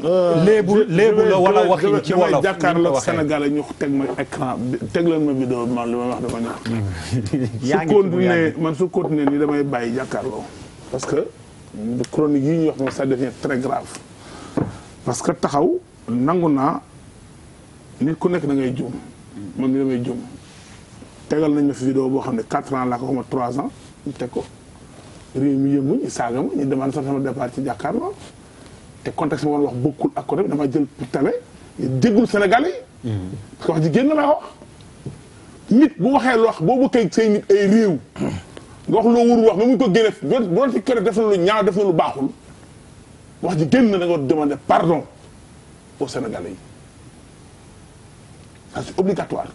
léebu léebu la wala waxin ci wolof jàkkaarloog Sénégal yi ñu teg ma écran teg leen ma vidéo man li ma wax dama ne. su continuer man su continuer nii damay bàyyi jàkkaarloo parce chronique yi ñuy wax moom ça devient très grave parce que taxaw nangu naa nit ku nekk da ngay juum moom ni damay juum tegal nañ ma fi vidéo boo xam ne quatre ans laa ko xama trois ans ñu teg ko réew mi yëngu ñu saaga ma ñu demande sax sama départ ci jàkkaarloo te contexte ma woon wax bokkul ak ko bi dama jël pour télé déggul Sénégalais yi parce mm. que wax ji génn laa wax nit bu waxee loo wax boo bokkee say nit ay réew wax loo wóorul wax nga mun ko génne bu doon fi kër def na lu ñaaw def na lu baaxul wax ji génn na nga demander pardon aux Sénégalais yi ça c'est obligatoire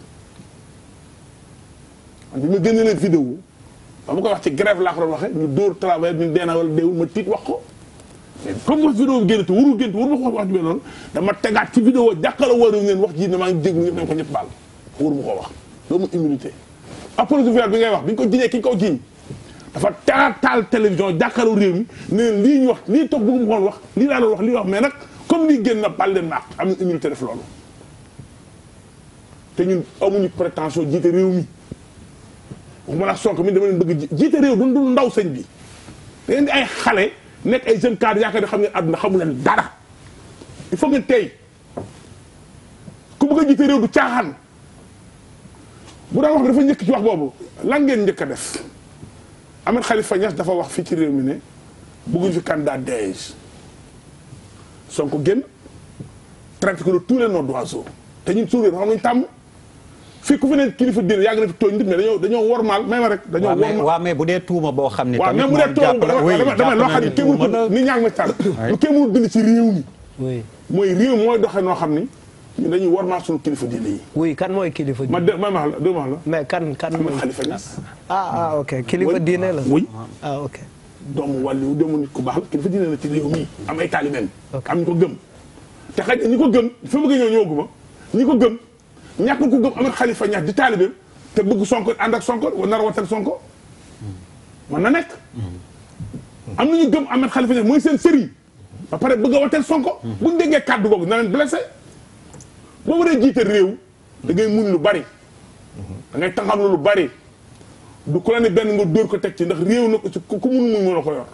man bi ma génne leen vidéo ba ma koy wax ci grève laa ko doon waxee ñu dóor travail dee na wala deewul ma tiit wax ko mais comme wax vidéo bi génn te wax ju mel dama tegaat ci vidéo jàkkaarloo waru ngeen wax ji ne maa ngi jéglu ñëpp nañ ko ñëpp baal wóoru ma koo wax loolu mu immunité apologie bi ngay wax bi ñu ko jiñee ki ñu ko jiñ dafa taal taal télévision jàkkaaru réew mi ne lii ñu wax lii toog bëgg mu wax lii laa doon wax lii wax mais nag comme lii génn na baal leen ma am na humilité def loolu te ñun amuñu prétention jiite réew mi waxuma la Sonko mi dama leen jiite réew du dul ndaw sëñ bi da ngeen ay xale nekk ay jeunes cadres yaakaar ne xam ngeen àdduna xamu leen dara il faut ngeen tey ku bëgg a jiite réew du caaxaan bu daan wax bi dafa njëkk ci wax boobu lan ngeen njëkk a def Ahmed xalifa Niass dafa wax fii ci réew mi ne bëgguñ fi candidat DEJ Sonko génn traité ko tous les noms d'oiseaux te ñun suñu réew xam nga ñu tàmm fii ku fi ne kilifa diine yàgg na fi tooñ nit mais dañoo dañoo wormaal même rek. dañoo wormaal waaw mais bu dee tuuma boo xam ne. tamit moom jàpp na oui jàpp na loo xam ne kéemul ni ñaa ma tànn. lu kéemul dund ci réew mi. mooy réew mooy doxee noo xam ni. ñu dañuy wormaal suñu kilifa diine yi. oui kan mooy kilifa diine. ma ma la ma la. mais kan kan mooy xalifa Niass. ah ah ok kilifa diine la. oui ah ok. doomu wàllu doomu nit ku baax la kilifa diine am ay taalibeem. am ñu ko gëm. te xaj ñi ko gëm fi mu bëgg ñi ko gëm ñàkk ko gëm amat xalifa Niass te bëgg Sonko ànd ak Sonko nar a Sonko mën na hmm. am na ñu gëm amat xalifa Niass mooy seen sëriñ ba pare bëgg a watal Sonko. Hmm. buñ déggee kàddu googu na leen blessé. boo waree jiite réew da ngay muñ lu bari da ngay taxawlu lu bari du ku la ne benn nga dóor ko teg ci ndax réew na ko ci ku mun muñ mën a ko yor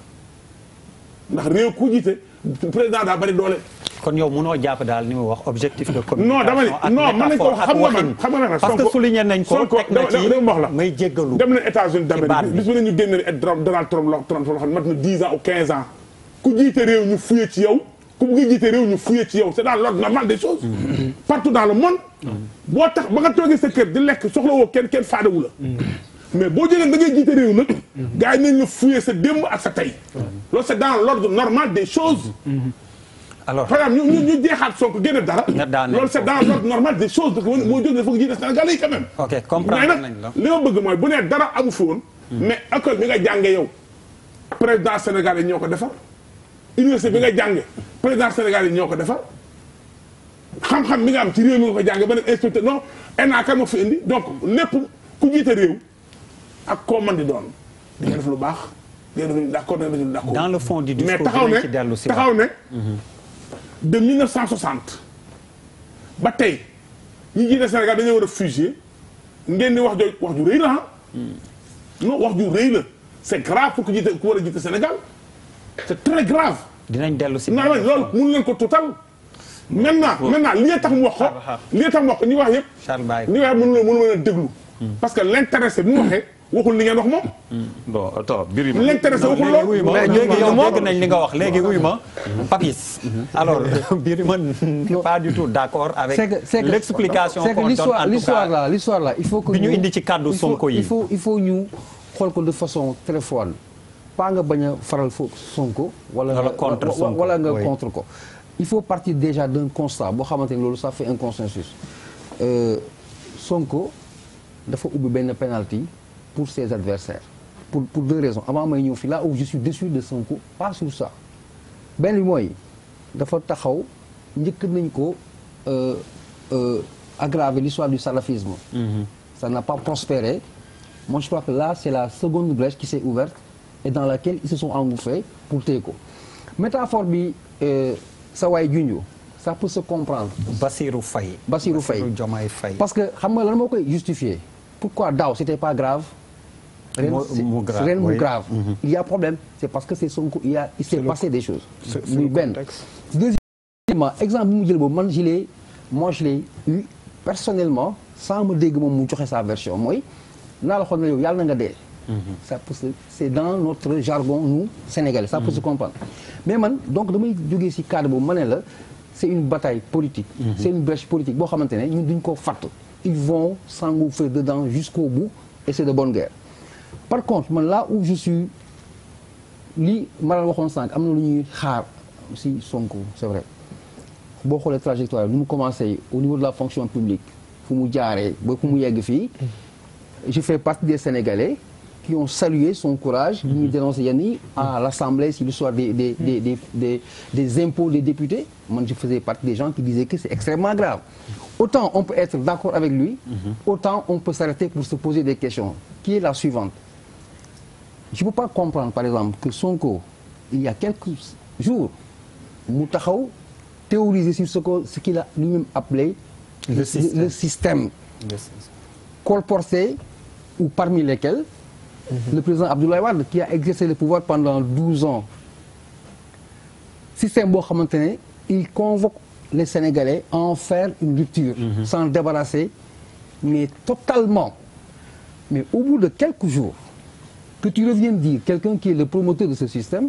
ndax réew ku jiite président daa bari doole kon yow mënoo jàpp daal ni mu wax objectif de communication non dama ne non mën nañ ko xam nga man na ci wax la may jéggalu dem na États-Unis d'Amérique ne ñu génne Donald Trump loo Trump loo xam ne mat na 10 ans ou 15 ans ku jiite réew ñu fuye ci yow ku bëgg jiite réew ñu fuye ci yow c'est dans l'ordre normal des choses partout dans le monde boo tax ba nga toogee sa kër di lekk soxla woo kenn kenn faadawu la mais boo jógee da ngay jiite réew nag gars yi fuye sa démb ak sa tey loolu c'est dans l'ordre normal des choses alors par exemple ñu ñu jeexaat Sonko génne dara. nga daanee loolu c'est dans l'ordre normal des choses parce que moo jóg dafa jiite Sénégalais yi quand même. ok comprendre nañ la mais nag li ma bëgg mooy bu nee dara amu fi woon. Hmm. mais école bi nga jàngee yow président Sénégalais ñoo ko defar. université bi nga jàng président Sénégal yi ñoo ko defar xam-xam bi nga am ci réew mi nga ko jàng ba nekk inspecteur non ENA kan moo fi indi donc lépp ku jiite réew ak koo mën di doon di nga def lu baax di nga def lu d'accord di nga def lu d'accord. dans le fond du discours mais taxaw ne taxaw ne. Mhm. de 1960 ba tey ñi jiite Sénégal dañoo war a fusé ngeen di wax jooju wax ju rëy la ah. Mm. non wax ju rëy la c'est grave pour ku jiite ku war a jiite Sénégal. c'est très dinañ dellu si na loolu mun leen ko tuutal. maintenant maintenant li tax mu wax ko. li tax mu wax ko ñu wax yëpp. Charles ñu wax mënu mënu mën a déglu. parce que l'intéressé mu waxee. waxul li ngeen wax moom. Mm. bon attends mbir yi. l'intéressé waxul loolu mais léegi yow dégg nañ li nga wax léegi wuy ma. Mm-hmm. Papis. Mm-hmm. alors Birima n'est pas du tout d'accord avec. l'explication qu'on donne en tout cas l'histoire là il faut que. ñu indi ci kàddu Sonko yi il faut il ñu xool ko de façon très froide. pas nga bañ a faral fo Sonko. wala nga wala nga contre ko. il faut partir déjà d'un constat boo xamante ni loolu ça fait un consensus. Euh, Sonko dafa ubbi benn penalty pour ses adversaires pour pour deux raisons avant may ñëw fi là où je suis de Sonko pas sur sa benn bi mooy dafa taxaw njëkk nañ ko euh, euh, aggraver l'histoire du salafisme. Mm-hmm. ça n'a pas prospéré. moi je crois que là c'est la seconde brèche qui s'est ouverte. et dans laquelle ils se sont engouffrés pour téye ko métaphore bi euh, sa waay junju ça peut se comprendre. Bassirou fay Bassirou Faye Diomaye Faye. parce que xam nga lan moo koy justifier pourquoi daaw c'était pas grave. mu grave ren mu grave. Mhm. il y problème c'est parce que c'est Sonko il y a il s'est passé des choses. muy benn deuxièmement exemple bi mu jël boobu man je l'ai moi je personnellement sans dégg moom mu joxe sa version mooy naa la xool ne yow yàlla na nga dee. Mmh. ça peut se c' est dans notre jargon nous sénégalais. ça mmh. peut se comprendre mais man donc damay jógee ci cadre boobu ma la c' est une bataille politique. Mmh. c' est une brèche politique boo xamante ne ñun duñ koo fàtt ils vont s'engouffrer dedans jusqu'au bout et c' est de bon guerre par contre man laa où je li Malal waxoon sànq am na lu ñuy xaar si Sonko c' est boo xoolee trajectoire bi nu mu commencé au niveau de la fonction publique fu mu jaaree ba fu mu yegg fii qui ont salué son courage bi ñuy mhm. dénoncé yenn yi à mhm. l'Assemblée sur l'histoire des des des mhm. des des des impôts des députés man je faisais partie des gens qui disaient que c'est extrêmement grave autant on peut être d'accord avec lui autant on peut s'arrêter pour se poser des questions qui est la suivante je peux pas comprendre par exemple que Sonko il y a quelques jours mu taxaw théoriser sur ce que ce qu'il a lui-même appelé le, le système, le système. colporté ou parmi lesquels le président Abdoulaye Wade qui a exercé le pouvoir pendant douze ans système boo xamante ne il convoque les Sénégalais à en faire une rupture mm -hmm. s'en débarrasser mais totalement mais au bout de quelques jours que tu reviennes dire quelqu'un qui est le promoteur de ce système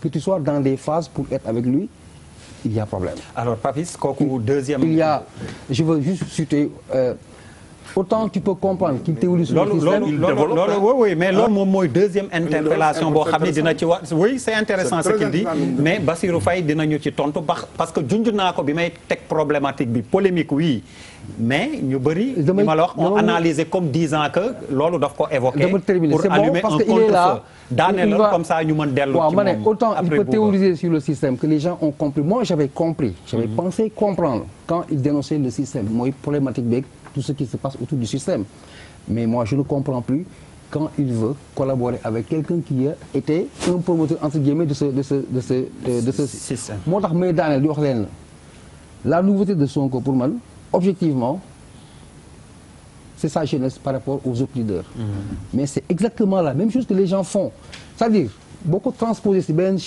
que tu sois dans des phases pour être avec lui il y a problème alors Papis kooku deuxième il y a je veux juste citer euh, autant tu peux comprendre qu'il théorise sur le système. loolu loolu oui oui mais ah. loolu moom mooy deuxième interpellation boo xam ne dina ci wax oui c' est intéressant ce qu'il dit mais Bassirou Faye dinañu ci tontu bax parce que junj naa ko bi may teg problématique bi polémique oui mais ñu bëri. li ma la wax on analysé comme disant que loolu daf ko évoqué. pour allumer un contre-feu daaneel comme ça ñu mën dellu. ci moom autant il peut théoriser sur le système que les gens ont compris moi j'avais compris. j'avais mm-hmm. pensé comprendre quand il dénonçait le système mooy problématique beeg. tout ce qui se passe autour du système. Mais je ne comprends plus quand il veut collaborer avec quelqu'un qui a été un promoteur entre guillemets de ce de ce de ce la la nouveauté de Sonko pour man objectivement c'est sa jeunesse par rapport aux autres leaders. Mm-hmm. mais c'est exactement la même chose que les gens font c'est-à-dire boo ko transposer ci benn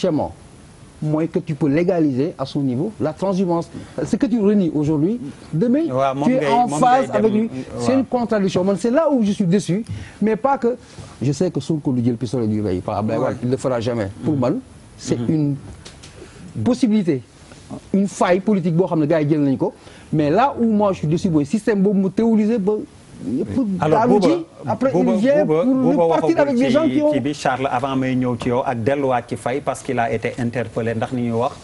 mooy que tu peux légaliser à son niveau la transhumance ce que tu renies aujourd'hui demain ouais, tu es en phase avec lui c'est une contradiction man c'est là où je suis déçu mais pas que je sais que Sonko du jël pistolet du rey par Abdoulaye Wade il le fera jamais pour mm-hmm. man c'est mm-hmm. une possibilité une faille politique boo xam ne gars yi jël nañu ko mais là où moi je suis déçu mooy système boobu mu théorisé ba alors booba après il bi Charles avant may ñëw ci yow ak delluwaat ci fay parce que a été interpellé ndax ni ñuy wax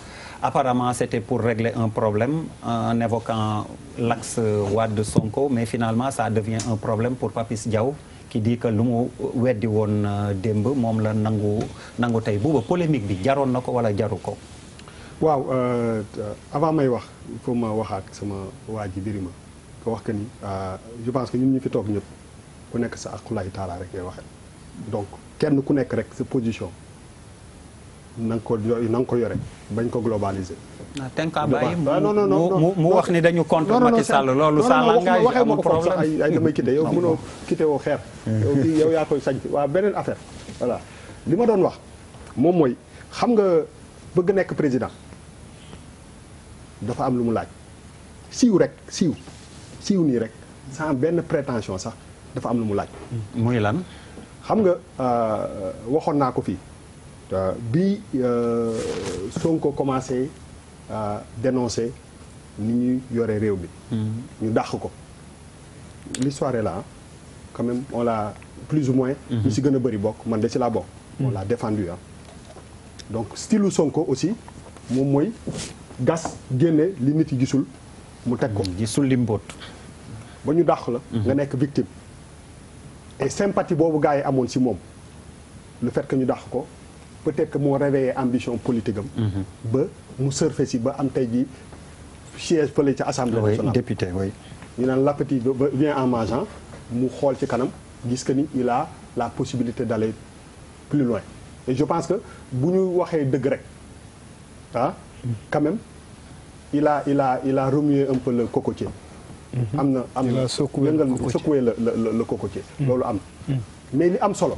apparemment c'était pour régler un problème en évoquant l'axe Wade Sonko mais finalement ça devient un problème pour Papis Diaw qui di que lu mu weddi woon euh, démb moom la nangu nangu tey buuba polémique bi jaroon na ko wala jaru ko waaw euh, avant may wax il faut ma waxaat sama waa ji Birima ko wax que ni euh, je pense que ñun ñu fi toog ñëpp ku nekk sa aqulaay taalaa rek ngay waxee donc kenn ku nekk rek sa position na nga ko na ko yore bañ ko globaliser. ah Tenka Baye ah, non non non mu wax ni dañu contre Macky Sall loolu sa langage amul problème ay ay damay quitté yow mënoo quitté woo xeer. yow yaa koy sañ waa beneen affaire voilà li ma doon wax moom mooy xam nga bëgg nekk président dafa am lu mu laaj siiw rek siiw. siiw nii rek sans benn prétention sax dafa am lu mu laaj. muy lan. xam nga euh, waxoon naa ko fii bi euh, Sonko commencé euh, dénoncer ni ñuy yore réew bi mm-hmm. ñu ko l'histoire est là quand même plus ou moins mm-hmm. si gën a bëri bokk man de si laa bokk mm-hmm. on l'a défendu ah donc Sonko aussi moom mooy gas génne li nit yi gisul mu teg ko gisul li mbóot ba ñu dàq la. Mhm. nga nekk victime. et sympathie boobu gars yi amoon si moom lu fait que ñu dàq ko peut-être que moo réveillé ambition politique am. Mhm. ba mu surfe si ba am tey ji siège fële ca assemblée nationale. député oui. ñu naan ba vient en mangeant mu xool ci kanam gis que ni il a la possibilité d'aller plus loin et je pense que bu ñu waxee dëgg rek ah quand même il a il a il a remué Mm-hmm. am na am na yëngal secoué la la la cocotier mm-hmm. loolu am na mm-hmm. mais li am solo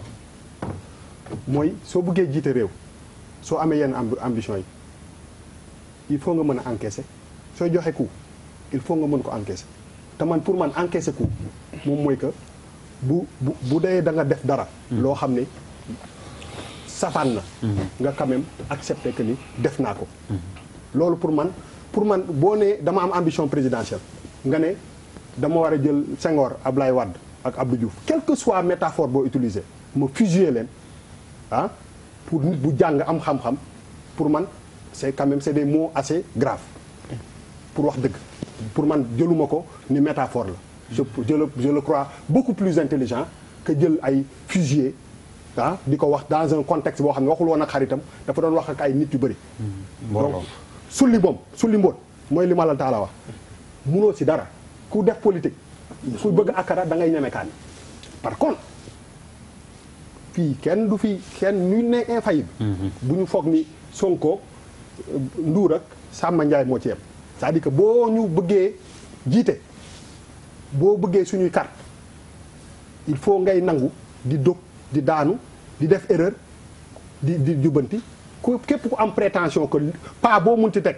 mooy soo buggee jiite réew soo amee yenn ambition yi il faut nga mën a encaisser sooy joxe coup il faut nga mën ko encaisser te man pour man encaisser coup moom mooy que bu bu bu dee da nga def dara loo xam ne safaan na nga quand même accepter que ni def naa ko loolu pour man pour man boo nee dama am ambition présidentielle nga ne dama war a jël Senghor Ablaye ward ak Abdou Diouf quelle que soit métaphore boo utiliser ma fusionner leen ah pour nit bu jàng am xam-xam pour man c'est quand même c'est des mots assez graves pour wax dëgg pour man jëluma ko ni métaphore la je le je le crois beaucoup plus intelligent que jël ay fusillé ah di ko wax dans un contexte boo xam ne waxuloon woon ak xaritam dafa doon wax ak ay nit yu bëri donc sulli boom sulli mbóot mooy li ma la taala wax munoo si dara ku def politique. ku bëgg akara da ngay ñeme kaani par contre fii kenn du fi kenn ñu ne infaillible. Mhm. bu ñu foog ni Sonko Ndour ak Samba moo ci yem. c'est-à-dire que boo ñu bëggee jiite boo bëggee suñuy kar il faut ngay nangu di dog di daanu di def erreur di di jubbanti ku képp ku am prétention que pas boo munti teg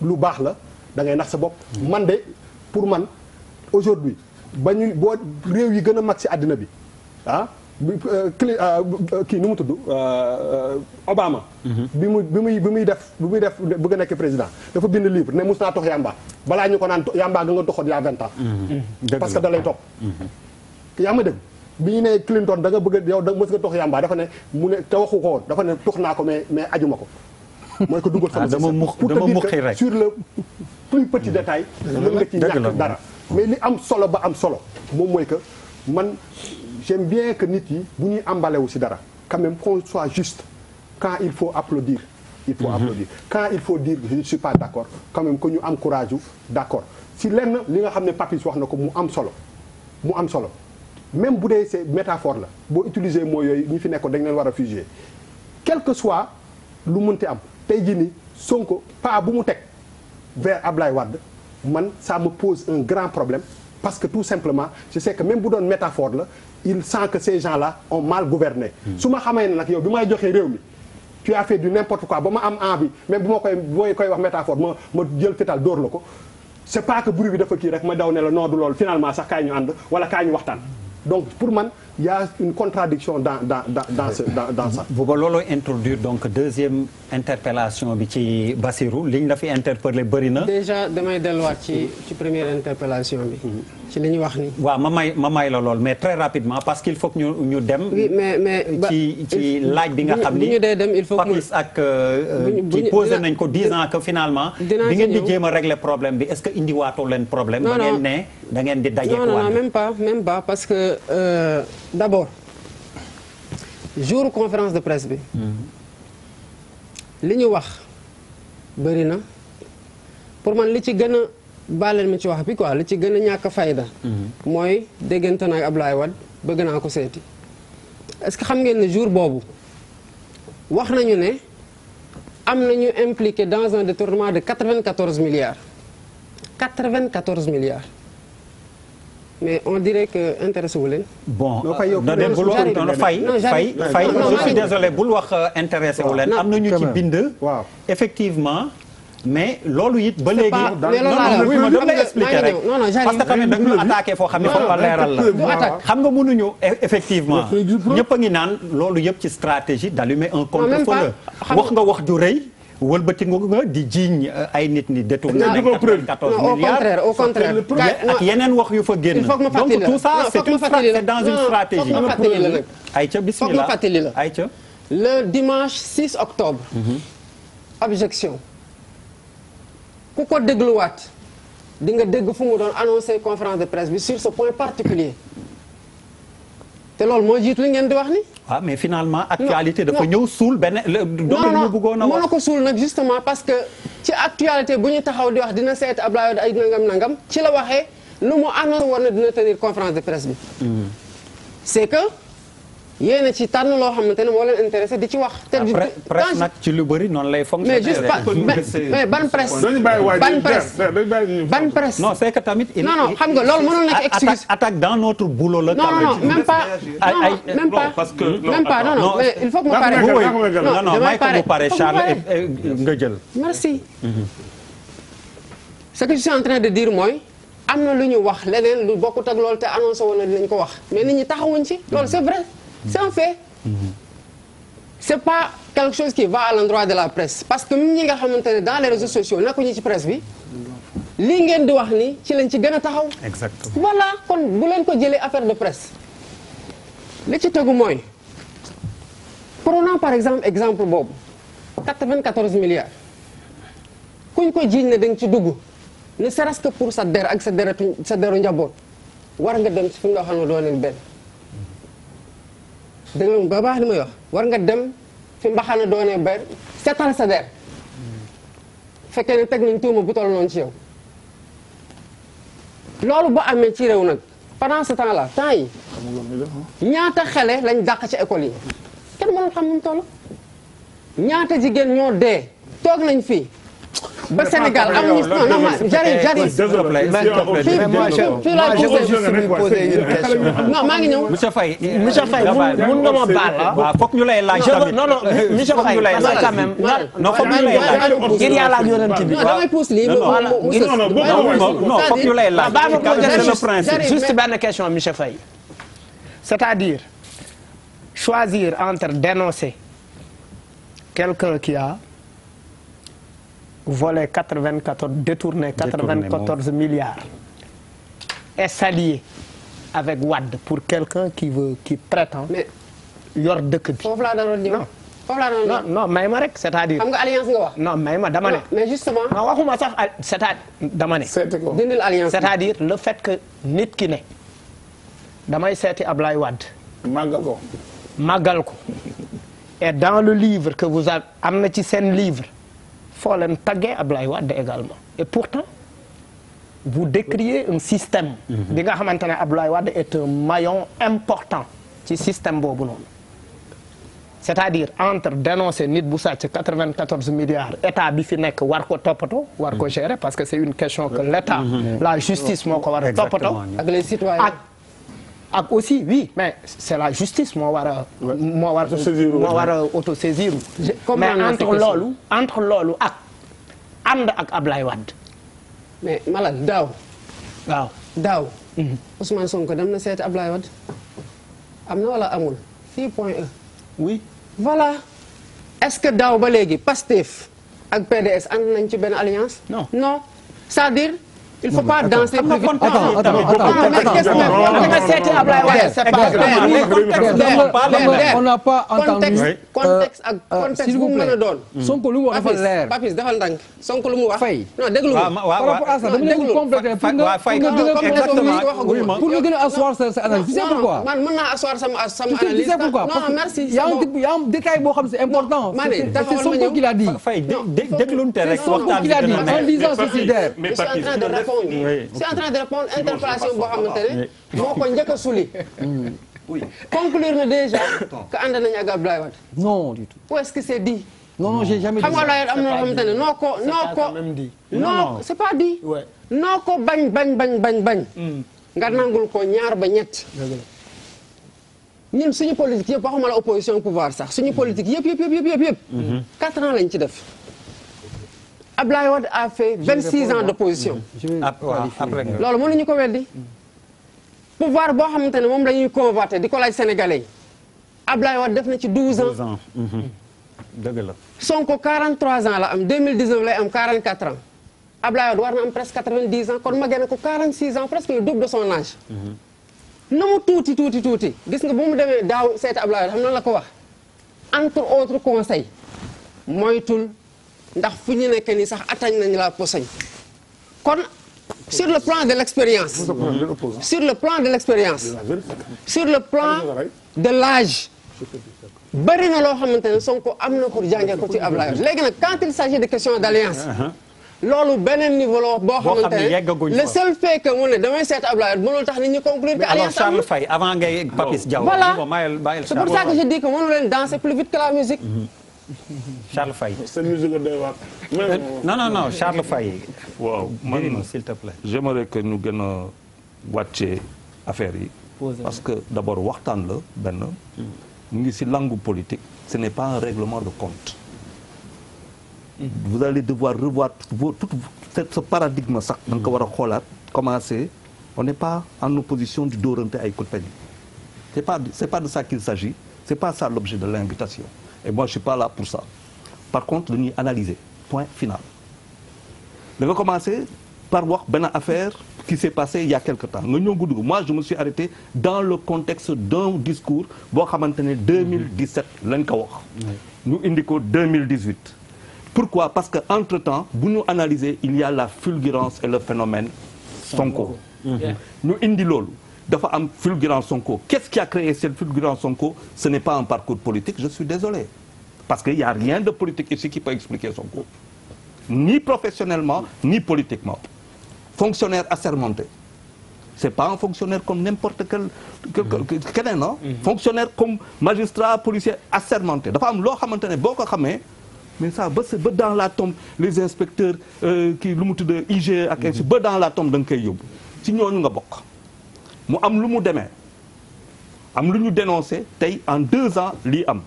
lu baax la. da ngay nax sa bopp. man de pour man aujourd'hui ba ñu boo réew yi gën a mag si àddina bi ah euh, euh, kii nu mu tudd euh, Obama. Mm-hmm. bi mu bi muy bi muy def bi muy def bëgg a nekk président dafa bind livre ne mus naa tox yamba balaa ñu ko naan yamba nga nga toxoon yaa vingt ans. Mm-hmm. parce que da lay topp. Mm-hmm. yaa ma dégg bi ñu nee Clinton da nga bëgg yow da mës nga tox yamba dafa ne mu ne te waxu ko woon dafa ne tox naa ko mais mais ajuma ko. mooy ko dugal sama ah, dama mux dama muqi rek sur le plus petit mm. détail mën nga ci ñàkk dara mais li am solo ba am solo moom mooy que man j'aime bien que nit yi bu ñuy ambalewu si dara quand même soit juste quand il faut applaudir il faut mm-hmm. applaudir quand il faut diir je ne suis pas d'accord quand ku que ñu am courage wu d'accord si lenn li nga xam ne Papis wax na ko mu am solo mu am solo même bu dee c'est métaphore la boo utiliser mooy yooyu ñi fi nekkoon dañ leen war a fuser quel que soit lu mënti am tey jii nii Sonko pas bu mu teg vers Ablaye Wade man ça me pose un grand problème parce que tout simplement je sais que même bu doon métaphore la il sent que ces gens-là ont mal gouverné. Hmm. su ma xamee ne nag yow bi may joxee réew mi. tu as fait du n'importe quoi ba ma am envie même bu ma koy booy koy wax métaphore ma ma jël fetal dóor la ko c'est pas que bruit bi dafa kii rek ma daw ne la noodu loolu finalement sax kaay ñu ànd wala kaay ñu waxtaan donc il y a une contradiction dans dans dans dans ce dans dans ça. bu ba looloo introduire donc deuxième interpellation bi ci Bassirou liñ la fi interpellé bëri na. déjà damay delluwaat ci ci première interpellation bi. Mhm. ci li ñu wax ni waaw ma may ma may la lool mais très rapidement parce qu'il faut ñu ñu dem. mais mais ci laaj bi nga xam ni. bu ñu dee dem il faut que Papis ak. Euh, euh, ci posé nañ ko dix ans que finalement. bi ngeen di jéem a régler problème bi est-ce que indiwaatoo leen problème. non non da ngeen ne da ngeen di dajeekuwaat. non non même pas même pas parce que. Euh, d' abord jour conférence de presse bi. Hmm. li ñu wax bëri na pour man li ci gën a bàlleen mi ci wax bi quoi li ci gën a ñàkk fayda. Hmm. mooy déggante na ak Ablaye Wade bëgg naa ko seeti. est que xam ngeen ne jour boobu wax nañu ne am na nañu impliqué dans un détournement de 94 milliards 94 milliards. mais on dirait que intéressé wu leen. bon da dem bul wax fay fay fay je suis désolé bul wax intéressé wu leen. am na ñu ci bind. waaw effectivement. mais loolu it ba léegi. mais loolu ma dama lay expliquer rek parce que attaqué foo xam ne foofu leeral la. xam nga mënuñu e, effectivement. ñëpp a ngi naan loolu yëpp ci stratégie d'allumer un compte feu la wax nga wax ju rëy. wëlbati nga di jiiñ eh, ay nit ni détourné nañ 14 milliards au contraire au contraire ak yeneen wax yu fa génn donc tout ça c'est une c'est dans une stratégie la le dimanche octobre mm-hmm. objection ku ko dégluwaat di nga dégg fu mu doon annoncer conférence de presse bi sur ce point particulier te loolu moo jiitu li ngeen di wax ni waaw ah, mais finalement actualité dafa ñëw suul benn domaine ñu bëggoon a wax mën ko suul nag justement parce que ci actualité bu ñu taxaw di wax dina seet Abdoulaye Wade ay nangam-nangam ci la waxee lu mu annoncé woon na dina tenir conférence de presse bi hmm. que yéen ci tànn loo xam ne moo leen intéressé di ci wax. te du nag ci lu bari noonu lay fonctionné. mais juste mais ban presse. ban presse ban presse. non c'est que tamit. non non xam nga loolu mënul nekk excuse. attaque dans la. non non même pas même pas même mais il faut que mu pare. non non may ko mu eh, eh, nga jël. merci. Mhm. ce que je de dire mooy. am na lu ñu wax leneen lu bokkut ak loolu te annoncé woon na dinañ ko wax mais nit ñi taxawuñ ci loolu c'est vrai. c'est un fait. c'est pas quelque chose qui va à l'endroit de la presse parce que ñi nga xamante ne dans les réseaux sociaux nekku ñu ci presse bi. lii ngeen di wax ni ci lañ ci gën a taxaw. exactement voilà kon bu leen ko jëlee affaire de presse. li ci tegu mooy prenons par exemple exemple boobu 94 milliards kuñ ko jiiñ ne da nga ci dugg ne serait-ce que sa der ak sa deretu sa njaboot war nga dem ci fi nga xam ne doo leen benn. déglu ba baax li may wax war nga dem fi mbaxana doonee ba setal sa der fekkee ne teg nañ tuuma bu toll noonu ci yow loolu ba amee ci réew nag pendant ce la là temps yi ñaata xale lañ dàq ci école yi kenn mënul xam nu mu ñaata jigéen ñoo dee toog nañ fii ba Sénégal amuñu non non j'arrive j'arrive s'il vous plaît non maa ngi ñëw monsieur Faye monsieur euh, Faye mun nga ma baal ah? waaw foog ñu lay laaj tamit non non monsieur Faye parce que quand même non foog ñu lay laaj ngir yàlla ak yonent bi damay pousse lii non foog ñu lay laaj c'est le principe juste benn question monsieur Faye c'est-à-dire choisir entre dénoncer quelqu'un qui a volé 94 détourné 94 milliards et s'allier avec Wade pour quelqu'un qui veut qui prétend yor dëkk bi foofu laa doon ñëw ma rek c'est-à-dire xam nga ma dama ne mais sax cest à dama ne c'est-à-dire le fait que nit ki ne damay seeti Ablaye Wade màggal ko màggal dans le livre que vous avez am na ci seen livre foo leen ab Ablaye Wade également et pourtant vous décriez un système mhm. bi nga xamante ne Ablaye Wade est un mayon important ci système boobu noonu c'est-à-dire entre dénoncer nit bu sàcc 94 milliards état bi fi nekk war ko toppatoo war ko mhm. gérer parce que c'est une question que l'état mhm. la justice moo ko war a ak ak aussi oui mais c'est la justice moo war moo war moo war a autosaisir. mais entre loolu entre loolu ak ànd ak Ablaye Wade. mais malade daaw. waaw mhm. Sonko dem na seeti Ablaye Wade am na wala amul. 6 point E. oui. voilà est-ce que daaw ba léegi Pastef ak PDS ànd nañ ci benn alliance. non cest dire il faut pas danser plus vite. attends attends on n'a pas entendu. contexte ak contexte bu mu mën a doon. Sonko lu mu wax dafa leer. Papis dafa ndànk Sonko lu mu wax. fay non déglu ma par rapport à ça dama leen compléter pour nga pour nga gën a pour nga gën a asseoir sa analyse. c'est pourquoi man mën naa asseoir sama sama analyse. c'est pourquoi parce que y a un y a un détail boo xam c'est important. ma ne c'est Sonko qui l'a dit. fay dégluwul te rek waxtaan bi gën a neex. Sonko qui l'a dit en disant ceci d'air. répondu c'est en train de répondre interpellation boo xamante ne moo njëkk a suli mm. oui na déjà que ànd nañu ak Abdoulaye Wade non du tout où est-ce que c'est dit non non j'ai jamais dit xam nga loolu am na loo xamante ne noo ko noo pas dit noo bañ bañ bañ bañ bañ mm. nga nangul ko ñaar ba ñett ñun suñu politique yëpp waxuma la opposition pouvoir sax suñu politique yëpp yëpp yëpp yëpp yëpp mm-hmm. quatre ans lañ ci def Ablaye Wade a fait 26 ans d'opposition. loolu mënuñu ko weddi. boo xamante ne moom la ñuy convoité di ko laaj sénégalais yi. Ablaye Wade def na ci 12 ans 12 ans. Mhm. dëgg la. Sonko 43 ans la am 2019 lay am 44 ans. Ablaye Wade war na am presque 90 ans kon magee na ko 46 ans presque le double de son âge. Mhm. na mu tuuti tuuti tuuti gis nga bu mu demee daaw seeti Ablaye Wade xam na la ko wax. entre autres conseils moytul. ndax fu ñu nekk nii sax atteindre nañ la Possègne kon sur le plan de l'expérience sur le plan de l'expérience sur le plan de l'âge bëri na loo xamante ne Sonko am na pour jàngee ko ci Ablaye léegi na quand il s'agit de question d'alliance uh-huh. loolu beneen niveau la boo xamante ne le seul fait que mu ne damay seet Ablaye mënul tax nit ñi conclure que alliance amul Charles Faye avant ngay Papis Diaw voilà c'est plus vite que la musique mm-hmm. Charles Faye. seen musique doy waar. non non non Charles Faye. waaw que ñu gën a wàccee affaire yi. parce que d'abord waxtaan la benn. mu ngi ci langue politique. ce n'est pas un règlement de compte. vous allez devoir revoir tout ce paradigme sax. da nga ko war a xoolaat commencer. on n'est pas en opposition du dóorante ay compagnie. c'est pas c'est pas de ça qu'il s'agit c'est pas ça l'objet de l'invitation et moi je suis pas là pour ça par contre dañuy analyser point final da nga commencé par wax benn affaire qui s'est passé il y quelque temps nga ñëw gudd ko moi je me suis arrêté dans le contexte d'un discours boo xamante ne 2017 lañ ko wax ñu indi ko 2018 pourquoi parce que entre temps bu ñu analyser il y a la fulgurance et le phénomène Sonko ñu indi loolu dafa am fulgurance Sonko qu'est-ce qui a créé cette fulgurance Sonko ce n'est pas un parcours politique je suis désolé parce que il y a rien de politique ici qui peut expliquer Sonko ni professionnellement ni politiquement fonctionnaire assermenté c'est pas un fonctionnaire comme n'importe quel keneen non mhm. fonctionnaire comme magistrat policier assermenté dafa am loo xamante ne boo ko xamee mais ça ba dans la tombe les inspecteurs euh, kii lu mu tudd IG e ak ainsi ba dans la tombe da nga koy yóbbu ci ñooñu nga bokk mu am lu mu demee am lu ñu dénoncé tey en deux ans lii am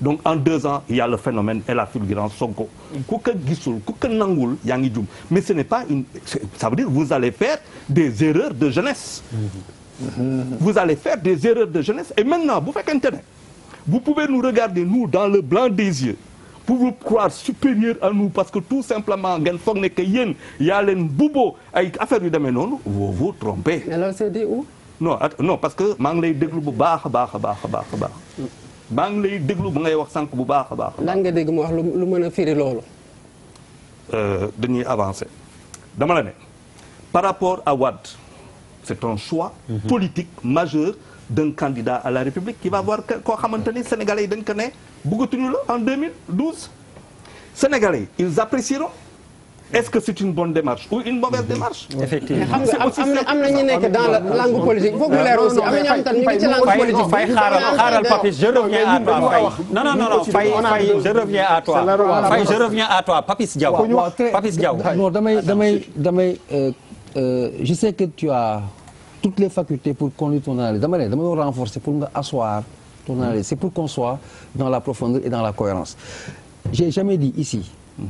donc en deux ans il y a le phénomène et la fulgurance Sonko ku ko gisul ku ko nangul yaa ngi jum mais ce n'est pas une ça veut dire vous allez faire des erreurs de jeunesse vous allez faire des erreurs de jeunesse et maintenant bu fekkente ne vous pouvez nous regarder nous dans le blanc des yeux pour vous croire supérieur à nous parce que tout simplement ngeen foog ne que yéen yaa leen bubo ay affaire yu demee noonu vous vous trompez alors c'est dit où non non parce que maa ngi lay déglu bu baax a baax a baax a baax a baax maa ngi lay déglu bu ngay wax sànq bu baax a baax. lan nga dégg mu wax lu mën a firi loolu. Euh, dañuy avancer dama la ne par rapport à Wade c'est un choix. Mhm. politique majeur d'un candidat à la République qui va voir koo xamante ni sénégalais yi dañ ko ne bëggatuñu la en 2012 sénégalais ils apprécieront. est-ce que c'est une bonne démarche ou une mauvaise mhm. démarche. na ñu nekk dans la langue politique il faut mu leer aussi am na ñoo langue politique fay xaaral Papis je reviens à toi Faye non je reviens à Papis Diaw Papis damay damay damay euh, euh, je sais que tu as toutes les facultés pour conduire ton analyse dama ne dama pour nga asseoir ton analyse c'est pour qu'on soit dans la profondeur et dans la cohérence j'ai jamais dit ici.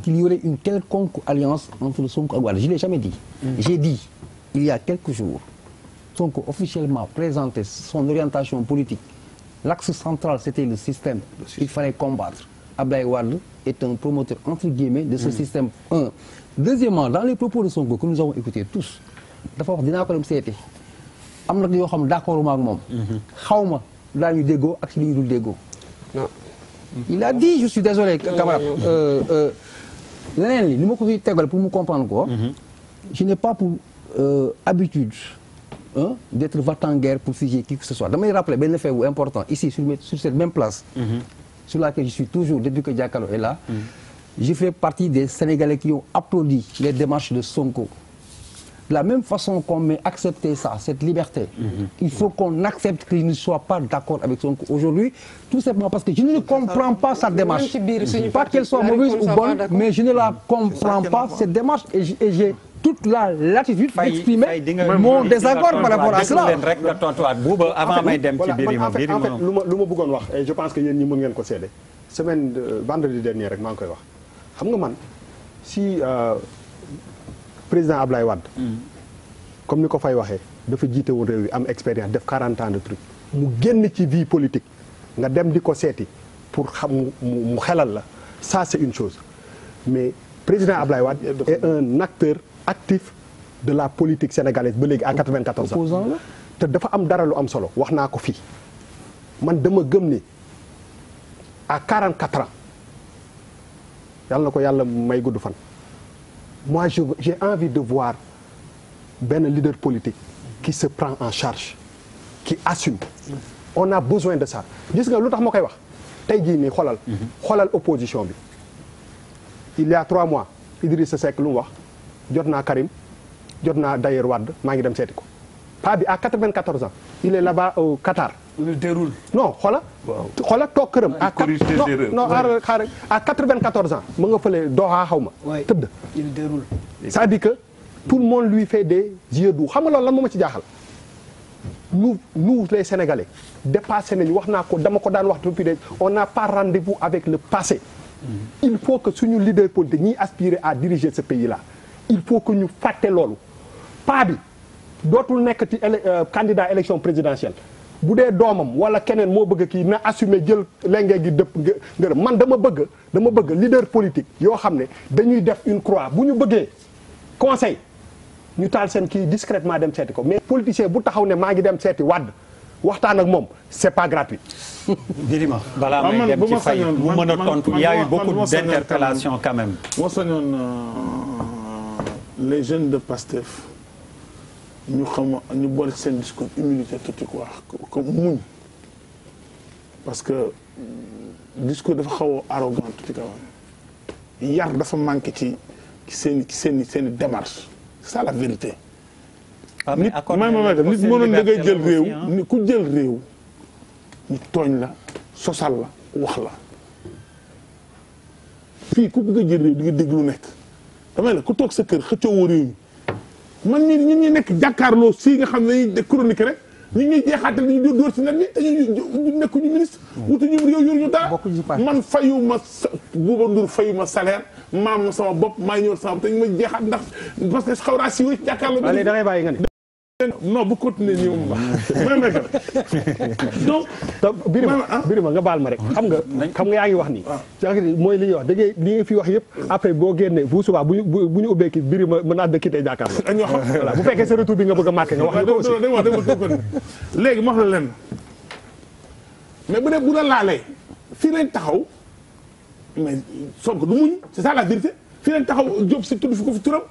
qu'il y aurait une quelconque alliance entre Sonko et Wade. Je ne l'ai jamais dit. Mm. J'ai dit, il y a quelques jours, Sonko officiellement présentait son orientation politique. L'axe central, c'était le système qu'il fallait combattre. Ablaye Wade est un promoteur, entre guillemets, de ce mm. système. Un. Deuxièmement, dans les propos de Sonko que nous avons écoutés tous, dafa wax dinaa ko dem seeti am na yoo d'accord ak moom. Mm-hmm. xaw ma daañu déggoo a leneen li li ma ko fi tegal pour mu comprendre ko mhm. je n'ai pas pour euh, habitude d'être va-t-en-guerre pour figer qui que ce soit damay rappeler benn fait bu important ici sur sur cette même place mhm. sur laquelle je suis toujours depuis que Jakaarlo est là mhm. je fais partie des Sénégalais qui ont applaudi les démarches de Sonko de la même façon qu'on a accepté ça, cette liberté, mm -hmm. il faut qu'on accepte qu'il ne soit pas d'accord avec Sonko aujourd'hui, tout simplement parce que je ne comprends pas sa démarche. Pas qu'elle soit mauvaise ou bonne, mais je ne la comprends pas, cette démarche, et j'ai toute la latitude d'exprimer mon désaccord par rapport à cela. rek nga tontuwaat buuba avant may dem ci biir en fait lu ma lu ma bëggoon wax et je pense que yéen ñi mën ngeen ko seede semaine vendredi dernier rek maa ngi koy wax xam nga man si euh, président Ablaye Wade. Mm. comme ni ko fay waxee dafa jiite woon réew yi am expérience def 40 ans de mu génn ci vie politique nga dem di ko seeti pour xam mu mu xelal la ça c'est une chose mais président Ablaye Wade est un acteur actif de la politique sénégalaise ba léegi à 94 ans te dafa am dara lu am solo wax naa ko fii man dama gëm ni à 44 ans yàlla na ko yàlla may gudd fan. moi je j'ai envie de voir benn leader politique qui se prend en charge qui assume on a besoin de ça gis nga lu tax ma koy wax tey jii mii xoolal mhm. xoolal opposition bi il y a trois mois Idrissa Seck lu mu wax jot naa Karim jot naa Dayer Wade maa ngi dem seeti ko paa bi à 94 ans il est là-bas au il déroule. non xoola. waaw xoola toog këram. à ah, non xaaral à 94 ans. mu nga fële doxaa xaw ma. tëdd. il déroule. c'est-à-dire que tout le monde lui fait des yeux doux xam nga loolu lan moo ma ci jaaxal. nous nous les sénégalais dépassé nañu wax naa ko dama ko daan wax tu depuis on n'a pas rendez-vous avec le passé. Mm-hmm. il faut que suñu leader politique ñiy aspirer à diriger ce pays la il faut que ñu fàtte loolu pas bi dootul nekk ci euh, candidat élection présidentielle. bu dee doomam wala keneen moo bëgg kii na assumer jël lenge gi dëpp ngërëm man dama bëgg dama bëgg leader politique yoo xam ne dañuy def une croix bu ñu bëggee conseil ñu taal seen kii discrètement dem seeti ko mais politicien bu taxaw ne maa ngi dem seeti wàdd waxtaan ak moom c'est pas gratuit. Birima balaa may dem ci fay mu mën a tontu il y a eu beaucoup d'interpellations quand même. moo sañoon euh, les jeunes de Pastef. ñu xam ñu boole seen seen discours humilité tuuti quoi ko muñ parce que discours dafa xaw a arrogant tuuti quand yar dafa manqué ci ci seen ci seen seen démarche c'est ça la vérité. Ah, nit may ma nit mënoon da ngay jël réew ni ku jël réew ñu tooñ la sosal la wax la fii ku bëgg a jël réew di nga déglu nekk damay la ku toog sa kër xëccoo réew man ñi ñun ñi nekk jàkkaarloo si nga xam ne dañuy chronique rek ñu ngi jeexaatal ñu door dóor si nag ni dañuy nekk ñu ministre wutu ñu yow ñu dara man fayu ma Bouba Ndour fayu ma salaire maam sama bopp maa ñëw sama bopp te ñu ma jeexaat ndax parce que xawraa si wéy jàkkaarloo da ngay bàyyi nga ne non bu continuer nii um donc birima ah. birima nga baal ma rek xam nga xam nga yaa ngi wax nii jàkkee ah. mooy li ñuy wax da ngay li nga fi wax yëpp après boo génnee bu subaa bu bu ñu ubbee kii ma mën naa dëkk tey jàkkaarloo voilà bu fekkee sa retour bi nga bëgg a marqué nga wax ah, ko aussi léegi ma wax la leen mais bu dee bu la laalee fii lañ taxaw mais Sonko du muñ c'est ça la vérité fii lañ taxaw Diop si tudd fi ko fi turam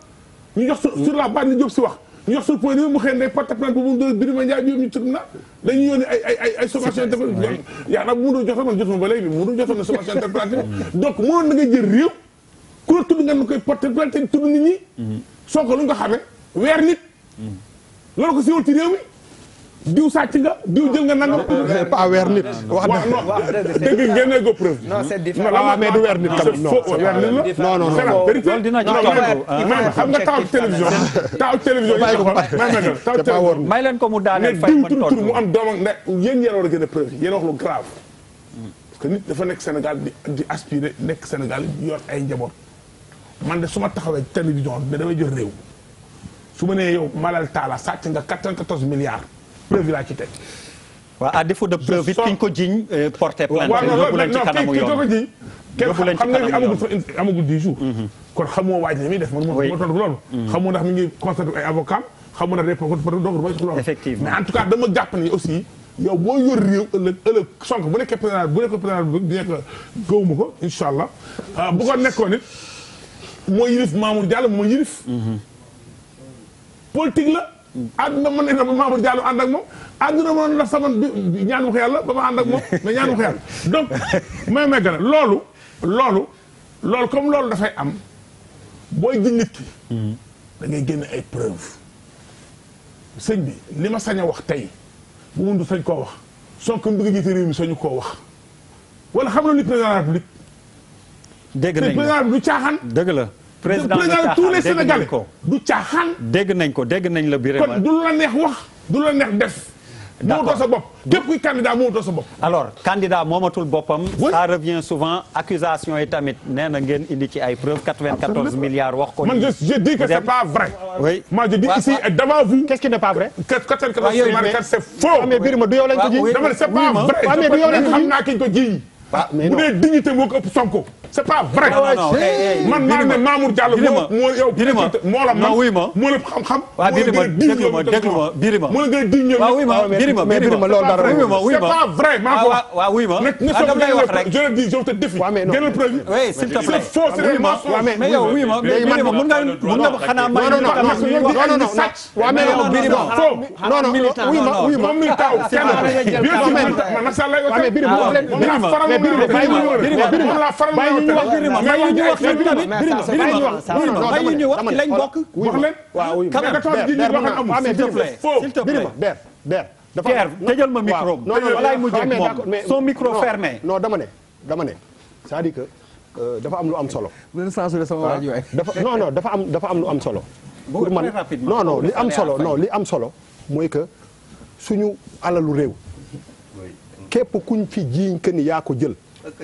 ñu jox sur la base ni Diop si wax ñu wax sur point de mu xëy na day porte plainte bu mu doon Birima Ndiaye bi ñu tribunal dañuy yónni ay ay ay ay sommation interpellative yaa nag mu doon jotoon man jotuma ba léegi mu doon jotoon na sommation interpellative donc mënoon na nga jël réew ku la tudd nga ne koy porte plainte tudd nit ñi mhm. soo ko lu nga xamee weer nit mhm. loolu ko siiwal ci réew mi diw sàcc nga diw jël nga nangam. pas weer nit. wax dëgg génne ko preuve. non c'est différent waaw mais du weer nit tamit non non non ah, xam nga taw télévision taw télévision may leen ko mu daaneel fay ma tontu mu am doom ak yéen yéen war a gën preuve yéen wax lu grave. parce que nit dafa nekk Sénégal di di nekk Sénégal yor ay njaboot man de su ma taxawee télévision mais damay jël réew su ma nee yow Malal Talla sàcc nga 94 milliards. preuve laa ci teg. waaw a défaut de preuve it ki ñu ko jiñ euh, porté plainte yóbbu leen ci kanamu yoon yóbbu leen ci kanamu yoon kenn xam nga mhm. kon xamoo waaj li muy def man moo tontu loolu. Mhm. xamoo ndax mi ngi constaté ay avocat xamoo ndax day porté donc mooy loolu. mais en tout cas dama jàpp ni aussi. yow boo yor réew ëllëg ëllëg Sonko bu nekkee président bu nekkee président bi bien que gëwuma ko incha allah ah, bu ko nekkoon it mooy yilif Mamour Diallo mooy yilif mhm. politique la. àdduna mën na ma Mamour Diallo ànd ak moom àdduna mën na la sama bi ñaan wax yàlla ba ma ànd ak moom mais ñaan wax yàlla donc may may gën loolu loolu loolu comme loolu dafay am booy ji nit ki da ngay ay preuve sëñ bi li ma sañ a wax tey bu mun du sañ koo wax soo comme bëgg jiite réew mi sañu koo wax wala xam na nit président de la république dégg nañ président du caaxaan dëgg la président tous les sénégalais du caaxaan. dégg nañ ko dégg nañ la Birame kon du la neex wax du la neex def. d' accord moomutoo sa bopp képp kuy candidat moomutoo sa bopp. alors candidat moomatul boppam. ça revient souvent accusation yi tamit nee na ngeen ay preuves. milliards wax ko. je je que c' pas vrai. oui je dis ici et devant vous. qu' est ce qui n' est pas vrai. que 94 ah, milliards c' est faux. Ah, mais Birima du yow lañ ko pas vrai. Ah, naa ko ah mais non bu dee dignité moo ko ëpp Sonko. c'est pas vrai. man maa ne Mamour Diallo. moo yow moo la man moo la xam-xam. waaw Birima déglu ma déglu ma Birima. moo la gën a diñ ñoom. waaw Birima Birima Birima loolu dara c'est pas vrai maa ko wax. waaw oui ma ah damay wax rek je le dis je te défie. waaw mais non gënal preuve. oui s'il te plaît waaw mais yow oui ma mais Birima mun nga mun nga xanaa may. non non non non sàcc. waaw mais yow Birima non non oui ma oui ma. moom mi taw kenn. bien sûr man nag sax lay. waaw mais Birima mais Birima moom laa faral di wax Birima bàyyi ñu wax ñun tamit Birima bàyyi ñu wax ci lañ bokk. wax leen waaw oui ber ber dafa tëjal ma micro bi. walaay mu jëg moom son micro fermé. non dama ne dama ne c'est-à-dire que dafa am lu am solo. bu leen censuré sama waa ji waay. dafa non non dafa am dafa am lu am solo. pour man non non li am solo non li am solo mooy que suñu alalu réew. képp kuñ fi jiiñ que ni yaa ko jël.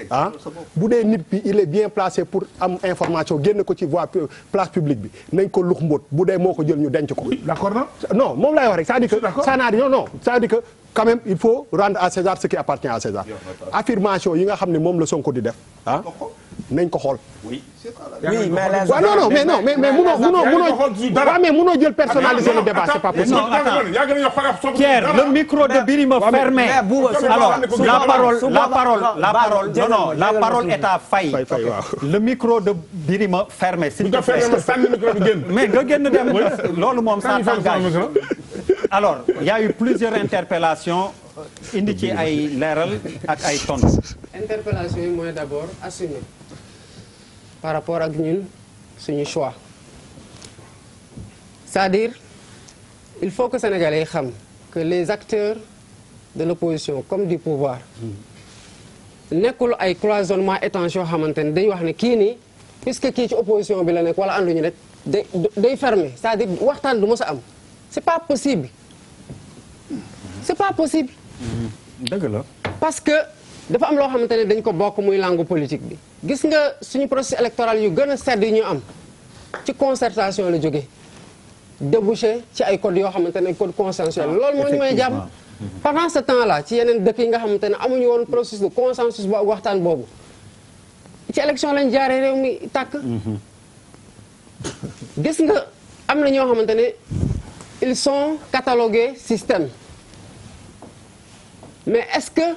ah bu dee nit bi il est bien placé pour am information génn ko ci voie place publique bi nañ ko lux mbóot bu dee moo ko jël ñu denc ko. d'accord na moom laay wax rek c'est-à-dire que. ça n'a non non c'est-à-dire que quand même il faut rendre à César ce qui appartient à César. affirmation yi nga xam ne moom la ko di def ah. nañ ko xool. oui non non mais non mais mais munoo munoo munoo waaw mais munoo jël personnaliser le débat Pierre le micro de Birima fermé. alors la parole la parole la parole est à Faye. le micro de Birima fermé. s'il te plaît mais nga génn dem loolu moom ça t'engage alors il y a eu plusieurs interpellations euh, indi ci ay leeral ak ay tontu. interpellation yi mooy d'abord assumer. par rapport ak ñun suñu choix c'est-à-dire il faut que sénégalais yi xam que les acteurs de l'opposition comme du pouvoir nekkul ay cloisonnement étanche yoo xamante ne dañuy wax ne kii nii puisque kii ci opposition bi la nekk wala ànduñu rek day day fermé c'est-à-dire waxtaan du mës a am c'est pas possible c'est pas possible dëgg la dafa am loo xamante ne dañ ko bokk muy langue politique bi gis nga suñu processus électoral yu gën a sedd yi ñu am ci concertation la jóge débouché ci ay code yoo xamante ne code consensuel ah, loolu mooy ñu may jàpp pendant temps la ci yeneen dëkk yi nga xamante ne amuñu woon processus de consensus bu waxtaan boobu ci élection lañ jaaree réew mi tàkk mhm. gis nga am na ñoo xamante ne ils sont catalogués système mais est-ce que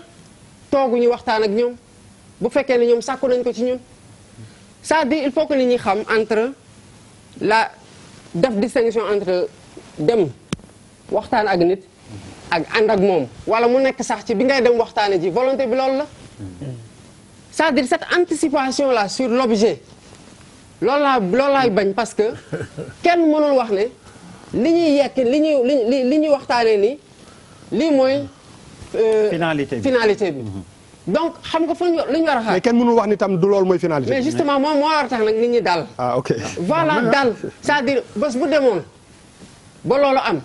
ñu waxtaan ak ñoom bu fekkee ne ñoom sàkku nañ ko ci ñun c'est-à-dire il faut que nit ñuy xam entre la def distinction entre dem waxtaan ak nit ak ànd ak moom wala mu nekk sax ci bi ngay dem waxtaane ji volonté bi loolu la c'est-à-dire cette anticipation la sur l'objet loolu laa loolu bañ parce que kenn mënul wax ne li ñuy yekk li ñuy li li ñuy waxtaanee nii lii mooy Euh, finalité bi finalité bi. Mhm. donc xam nga fa ñu lu ñu war xaar. mais kenn mënul wax ni tam du loolu mooy finalité. mais justement moom moo war a tax nag nit ñi dal. ah ok voilà dal cest à bu demoon ba loolu am.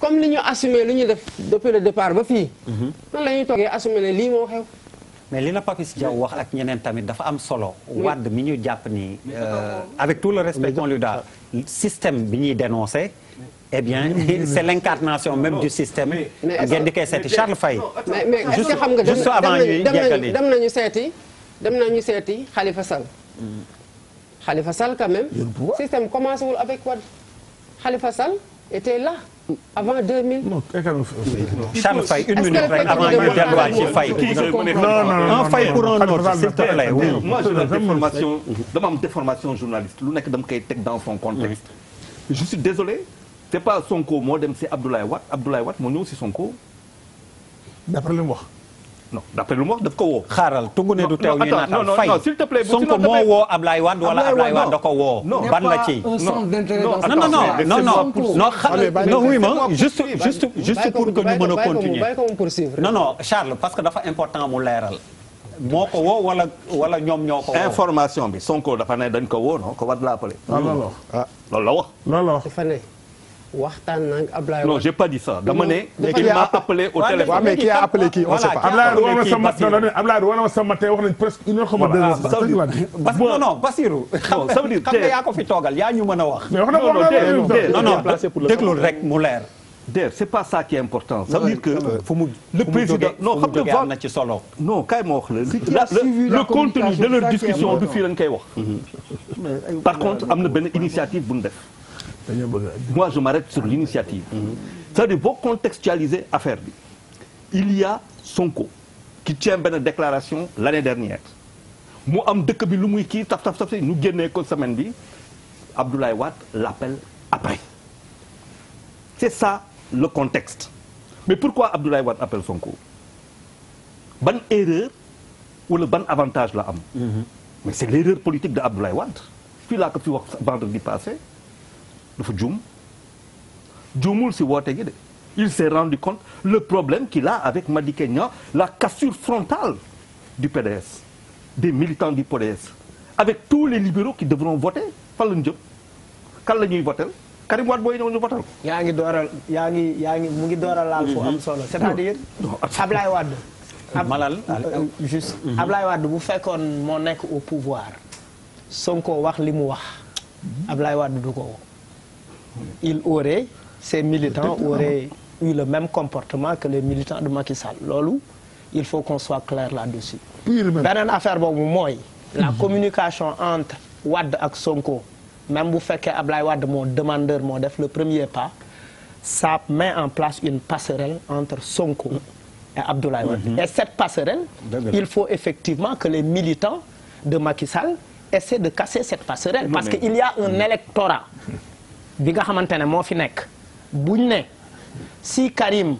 comme li ñu assumé lu ñu def depuis le départ ba fii. Mhm. nan la ñuy toogee assumé ne lii moo xew. mais li la Papis Diaw wax ak ñeneen tamit dafa am solo. wadd mi ñu jàpp ni. Euh, avec tout le respect qu'on daal doit ah. bi ñuy dénoncé. Eh bien, c'est l'incarnation même du système. ngeen di koy seeti Charles Faye. mais mais est-ce que xam nga juste avant ñuy jekkali dem nañu seeti dem nañu seeti Khalifa Sall. Khalifa Sall quand même. système commencé wul avec Wade. Khalifa Sall était là. avant 2000. non Charles Faye une minute rek avant ñu delluwaat ci Faye. non pour un autre s'il te plaît. moi je donne lu nekk dam koy teg dans son contexte. je désolé. c'est pas Sonko moo dem si Abdoulaye Wade Abdoulaye Wade moo ñëw si Sonko. d'après lu mu wax. non lu mu wax daf ko woo. xaaral tungu ne du teew ñuy naatal fay s'il te plaît Sonko moo woo Abdoulaye Wade wala da ko woo. ban la ci non non non non non a continuer. non parce que dafa important mu leeral. moo ko woo wala wala ñoom ñoo bi Sonko dafa ne dañ ko woo non ko war ah, la wax. Ah, waxtaan na ak Ablaye non j'ai pas dit ça dama ne. il m'a appelé au téléphone. mais qui a appelé qui on sait pas. Ablaye Wade woon na ma sa matin wax nañ presque une heure ah, xam nga. non Basirou. xam nga yaa ko fi toogal yaa ñu mën a wax. mais wax na non non déglul rek mu leer. der c'est pas ça qui est important. ça veut dire que le président non xam nga am na ci solo. non kay ma wax la le contenu de leur discussion du fii lañ koy wax. par contre am na benn initiative bu ñu def. moi je m'arrête sur l'initiative mhm. c'est-à-dire boo contextualiser affaire bi il y a Sonko qui tient benn déclaration l'année dernière mu am dëkk bi lu muy kii taf taf taf ñu génnee ko semaine bi Abdoulaye Wade l'appelle après c'est ça le contexte mais pourquoi Abdoulaye Wade appelle Sonko ban erreur wala ban avantage la am mhm. mais c'est l'erreur politique de Abdoulaye Wade fii laa ko fi vendredi passé dafa juum juumul si woote gi de il s'est rendu compte le problème qu'il a avec Madické Niang la cassure frontale du PDS des militants du PDS avec tous les libéraux qui devront voter fan la ñu jëm kan la ñuy votel Karim Wade booy ñëw ñu votal yaa ngi dooral yaa ngi yaa ngi mu ngi dooral laal fu am solo c'est-à-dire Ablaye Wade. malal euh, euh, juste mhm. Ablaye Wade bu fekkoon moo nekk au pouvoir Sonko wax li mu wax mhm. Ablaye Wade du ko il aurait ces militants auraient eu le même comportement que les militants de Macky Sall loolu il faut qu'on soit clair là-dessus beneen affaire boobu mooy la communication entre wadd ak Sonko même bu fekkee Ablaye Wade moo demandeur moo def le premier pas ça met en place une passerelle entre Sonko et Abdoulaye Wade mm -hmm. et cette passerelle il faut effectivement que les militants de Macky Sall essaient de casser cette passerelle parce qu'il y a un mm-hmm. électorat bi nga xamante ne moo fi nekk buñ ne si Karim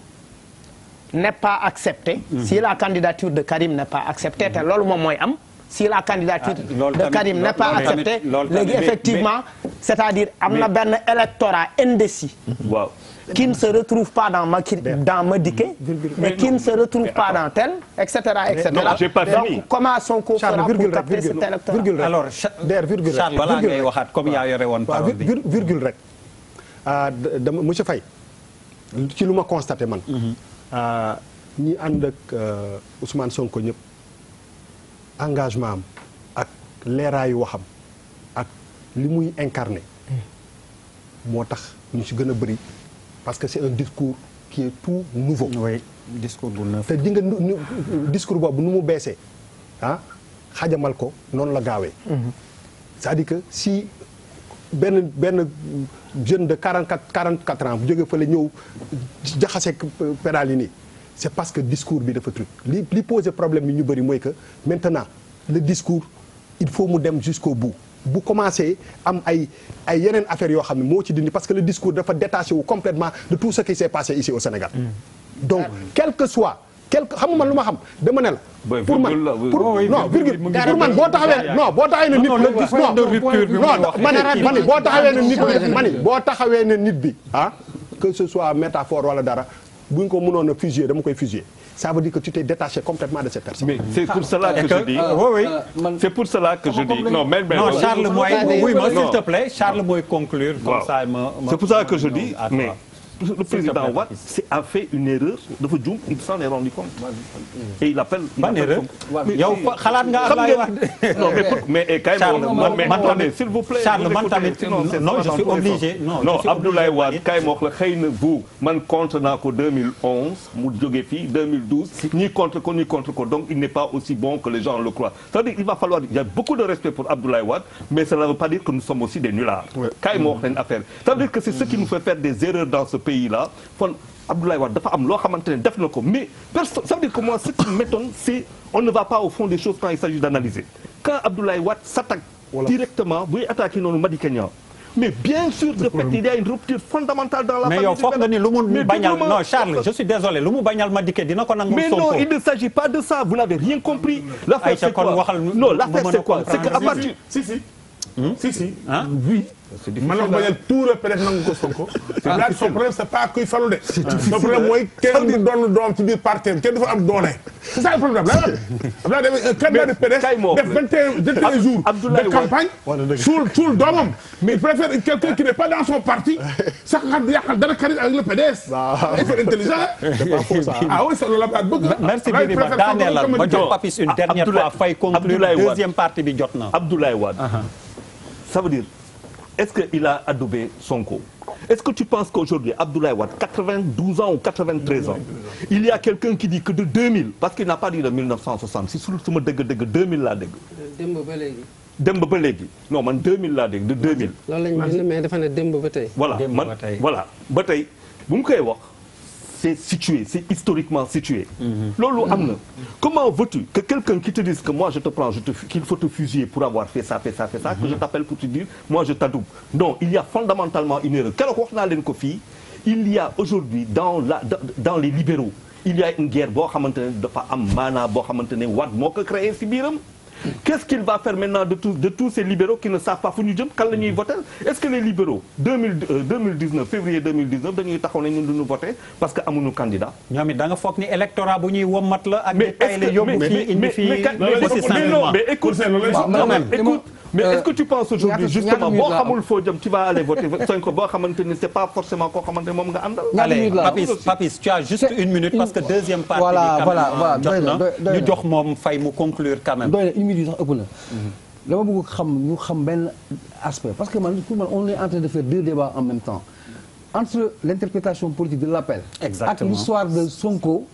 n'est pas accepté. Mhm. si la candidature de Karim n'est pas acceptée te mhm. loolu moom mooy am. si la candidature ah, de Karim n'est pas acceptée léegi effectivement c'est-à-dire am na benn électorat indécis. Mhm. waaw qui ne se retrouve pas dans Maki dans Madické. mais qui ne se retrouve pas dans tel et cetera et cetera. non j'ai pas fini donc comment Sonko fera pour capter cet électorat. alors Charles balaa ngay waxaat comme yaa yore woon parole bi rek. Ah, dama monsieur fay ci lu ma constaté man. Mm-hmm. Ah, ñi ànd ak euh, Ousmane Sonko ñëpp engagement am ak leeraayu waxam ak li muy incarné. Mm. moo tax ñu si gën a bëri parce que c'est un discours qui est tout nouveau. discours bu boobu nu mu beesee ah, xajamal ko noonu la gaawee. Mm-hmm. cest à si. benn benn jeune de 44 44 ans bu jógee fële ñëw jaxase pénal yi nii est parce que discours bi dafa truc li li posé problème bi ñu bëri mooy que maintenant le discours il faut mu dem jusqu'au bout bu commencé am ay ay yeneen affaires yoo xam ne moo ci dindi parce que le discours dafa détaché wu complètement de tout ce qui s' est passé ici au Sénégal mm. donc ah. quel que soit quelque xam lu ma xam dama ne la. pour man pour non virgule man boo taxawee non nit la gis non non mani mani boo taxawee mani boo taxawee ne nit bi ah, que ce soit métaphore wala dara bu ñu ko mënoon a fusiller dama koy fusiller ça veut dire que tu t'es détaché complètement de cette personne. Euh, euh, c'est pour cela que je dis. c'est pour cela que je dis le président Wade a fait une erreur dafa juum il s'en est rendu compte. et il appelle. ban erreur yow xalaat nga Ablaye Wade. non mais pour mais kay. Eh, mais attendez s'il vous plaît. Charles man tamit non je suis obligé non Abdoulaye Wade kay moo wax la xëy na bu man contre naa ko 2011 mu jógee fii 2012 ñii contre ko donc il n'est pas aussi bon que les gens le croient a pour Abdoulaye Wade mais cela veut pas dire que nous sommes aussi des nullards. kay moo wax leen affaire cest dire que c'est ce qui nous fait faire des erreurs dans ce pays. pays là kon Abdoulaye Wade dafa am loo xamante ne ko mais personne ça veut on ne va pas au fond des choses quand il s'agit d'analyser quand Abdoulaye Wade s'attaque directement buy attaqué noonu Madické Niang mais bien sûr de fait il y a une rupture fondamentale dans la mais yow foog non Charles je suis non il pas de ça vous n'avez rien compris l'affaire c'est quoi non l'affaire c'est quoi c'est que à partir si si hmm? si si ah man la ko bañal tout le presse nangu ko Sonko. ah son problème c'est pas kuy falu de. son problème mooy kenn du doon doom ci biir parteem kenn du fa am doole. c'est ça le problème la Abdoulaye Deme un candidat du PDS def vingt et un jours de campagne. suul suul doomam. mais il préfère quelqu'un qui n'est pas dans son parti. sax xam yàqal dara xarit avec le PDS. waaw il faut intelligent. ah oui c'est loolu la baat bëgg. merci Birima daaneel ma jox Papis une dernière fois fay conclure deuxième partie bi jot na. Abdoulaye Wade uh-huh. ça veut dire. est-ce que il a adoubé Sonko est-ce que tu penses qu'aujourd'hui Abdoulaye Wade 92 ans ou 93 ans il y a quelqu'un qui dit que de parce qu'il n'a pas dit de 1960 si su ma dëgg dëgg 2000 laa dëgg. démb ba léegi. démb ba léegi non man 2000 laa dégg de 2000. loolu la ñu mais dafa ne démb ba tey. voilà man voilà ba tey bu mu koy wax. c'est situé c'est historiquement situé mhm. loolu am na mhm. comment veux-tu que quelqu'un qui te dise que moi je te prends je te qu'il faut te fusiller pour avoir fait ça que je mhm. t'appelle pour te dire moi je t'adoube il y a fondamentalement une erreur keroog wax naa il y a aujourd'hui dans les libéraux il y a une guerre boo xamante ne dafa am maanaa boo xamante ne Wade moo ko créé si qu'est-ce qu'il va faire maintenant de tous ces libéraux qui ne savent pas fu ñu jëm kan la ñuy est-ce que les libéraux euh, février dañuy taxaw ne ñun duñu voter parce que amuñu candidat. ñoom it da foog ni électorat bu ñuy wommat la. ak mais est mais mais mais mais mais mais mais mais mais mais mais mais euh, est-ce que tu penses aujourd'hui justement boo xamul foo jëm tu vas aller voter Sonko boo xamante ni c'est pas forcément koo xamante ni moom nga àndal. allez Papis Papis tu as juste une minute parce que deuxième partie. voilà voilà doy na ñu jox moom fay mu conclure quand même. doy na une minute sax ëpp na. Mhm. dama bëgg xam ñu xam benn aspect parce que man pour man on est en train de faire deux débats en même temps entre l'interprétation politique de l'appel. exactement ak l'histoire de Sonko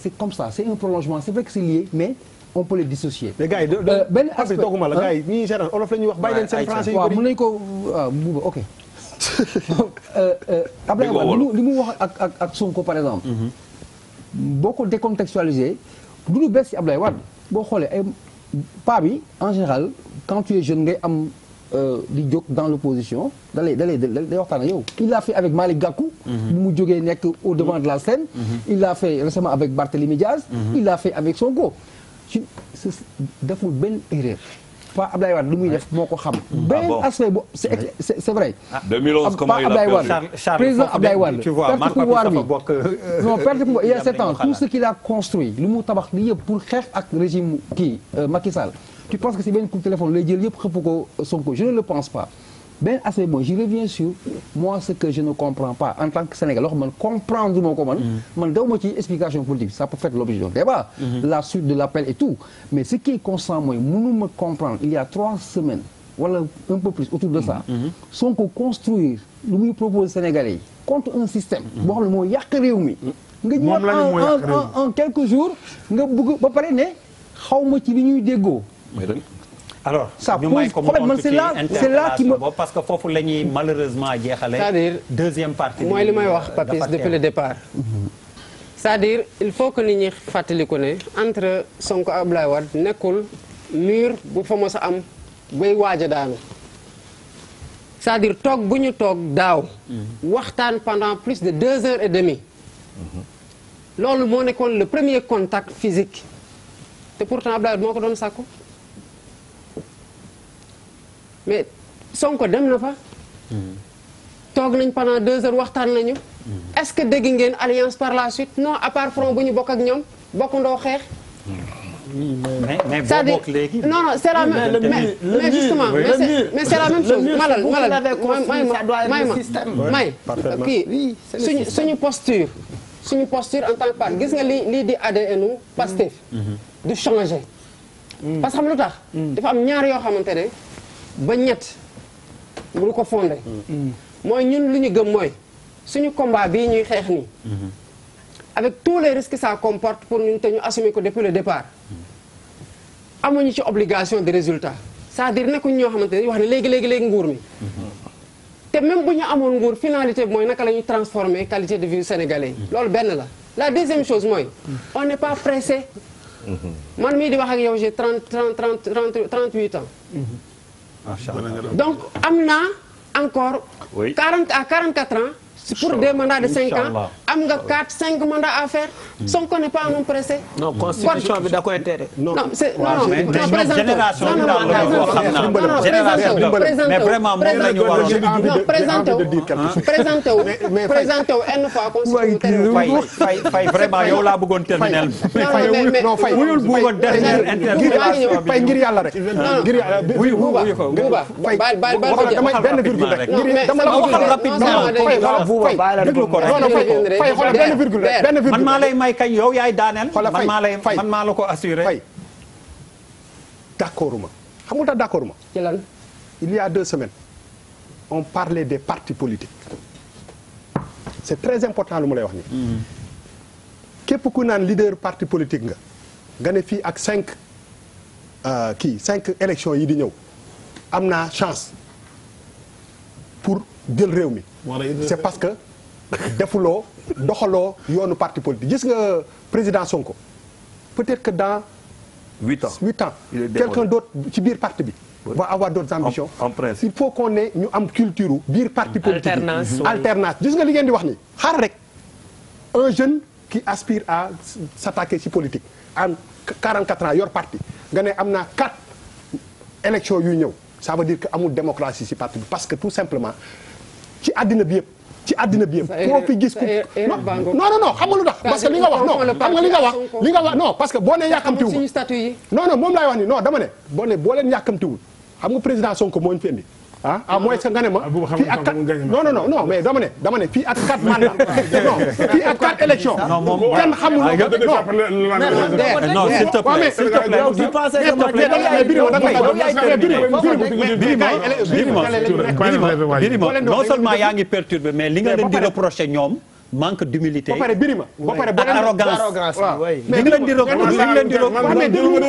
c'est comme ça c'est un prolongement c'est vrai que c'est lié mais. on peut les dissocier. mais gars yi euh, la gars yi ñuy ok. Euh, euh, Ablaye Wade li mu wax ak ak ak par exemple. Mhm. boo ko décontextualisé du lu bees ci Ablaye Wade boo xoolee ay pas bi en général quand tu es jeune ngay am di jóg dans l'opposition da lay da lay day waxtaan ak yow. il l'a fait avec Malick Gakou. Mhm. bu mu jógee nekk au devant de la scène. Mhm. il l'a fait récemment avec Barthélémy Diaz. il l'a fait avec Sonko. ci deful benn erreur. Paa Abdoulaye Wade lu muy def moo ko xam. Ah benn ah aspect bu c'est c'est vrai. 2011 ah, comment il a perdu président Abdoulaye Wade perte pouvoir bi euh, non perte pouvoir il y a sept ans tout ce qu'il a construit lu mu tabax li yëpp pour xeex ak régime kii euh, Macky Sall. tu penses que si benn coup de téléphone lay jël yëpp xëpp ko Sonko je ne le pense pas. benn aspect mooy je reviens sur moi ce que je ne comprends pas en tant que Sénégalais loo xam mm. man comprendre moo ko man man daw ma ci explication politique ça peut faire l'objet mm-hmm. la suite de l'appel et tout mais ce qui est constant mooy mënuma comprendre de ça mm-hmm. mm-hmm. son ko construire lu muy proposer Sénégalais yi contre un système boo xam ne moo yàq réew mi nga ñëwaat en quelques jours nga bëgg ba pare ne xaw ma ci li ñuy déggoo alors ça pose problème man c'est là c'est parce que foofu la ñuy malheureusement jeexale. c'est-à-dire mooy li may wax Papis depuis le départ. c'est-à-dire il faut que nit ñi fàttaliku ne entre Sonko Abdoulaye Wade nekkul mur bu fa mos a am bay waaj a daanu cest dire toog bu ñu toog daaw. waxtaan pendant plus de deux heures et demie. loolu moo nekkoon le premier contact physique te pourtant Abdoulaye Wade moo ko doon sàkku. mais Sonko dem na fa. toog nañ pendant deux heures waxtaan nañu. Mm. est-ce que dégg ngeen alliance par la suite non à part front bu ñu bokk ak ñoom bokk ndoo xeex. mais mais boo léegi non non c'est la même mais mais justement mais c'est la même chose malal malal may may ma may euh, kii suñu suñu posture suñu posture en tant que gis nga li lii di ADN u Pastef mm-hmm. du changer mm. parce que xam lu tax mm. dafa am ñaar yoo xamante ne ba ñett bul ko fondé mooy ñun lu ñu gëm mooy suñu combat bii ñuy xeex nii avec tous les risques que ça comporte pour ñun te ñu assumer ko depuis le départ amuñu ci obligation de résultat c'est-à-dire nekkuñ ñoo xamante ni wax ne léegi léegi léegi nguur mi te même bu ñu amoon nguur finalité bi mooy naka la ñuy transformer qualité de vie sénégalais loolu benn la la deuxième chose mooy on n'est pas pressé mhm. man mii di wax ak yow j'ai trente trente trente trente trente huit donc am naa encore. oui 40 à 44 ans. si pour des mandats de cinq ans am nga quatre cinq mandats à faire Sonko n'est pas un homme pressé. non constitution bi da koy tere. non non non génération bi daal loolu xam naa génération mais vraiment moom la ñu waroon non présenté wu présenté wu présenté wu une fois constitution fay fay fay vraiment yow laa bëggoon terminal. non fay wuyul buuba dernière intervention bi fay ngir yàlla rek. ngir yàlla wuyu wuyu ko. baal baal baal ko jël fay déglu ko rek fay man maa lay may kay yow yaay daaneel. xoolal fay man maa la ko assuré. fay ma xam nga lu d' accord ma. ci lan il y deux semaines on parlait des partis politiques c' est très important lu mu lay wax nii. Hmm. képp ku naan leader parti politique nga. nga ne fii ak cinq euh, kii cinq élections yi di ñëw am naa chance pour jël réew mi. c'est parce que defuloo doxaloo yoonu parti politique gis nga président Sonko peut-être que dans huit ans huit ans quelqu'un d'autre ci biir parti bi va avoir d'autres ambitions en principe il faut qu'on ñu am culture biir parti politique alternance gis nga li ngeen di wax ni xaar rek un jeune qui aspire à s'attaquer ci politique am 44 ans yor parti nga ne am naa quatre élections yuy ñëw ca veut dire que amul démocratie ci parti bi parce que tout simplement ci àddina bi yëpp ci àddina bi yëpp koo fi gis ku non non non xam lu tax parce que li nga wax non xam nga li nga wax li nga wax que boo nee yàkkamtiwul non non moom laay wax ni non dama ne boo ne boo leen yàkkamtiwul xam nga président Sonko moo ñu ah à moins que nga ne ma fii ak quatre non non non mais dama ne dama ne fii ak quatre mandat non fii ak quatre élections kenn xamul non s'il te plaît s'il te plaît tu penses que ma plaît mais Birima da nga lay Birima Birima Birima non seulement yaa ngi perturbé mais li nga leen di reproché ñoom manque d'humilité. ba pare birima ba pare beneen ah, arrogance mais leen di rog li leen di rog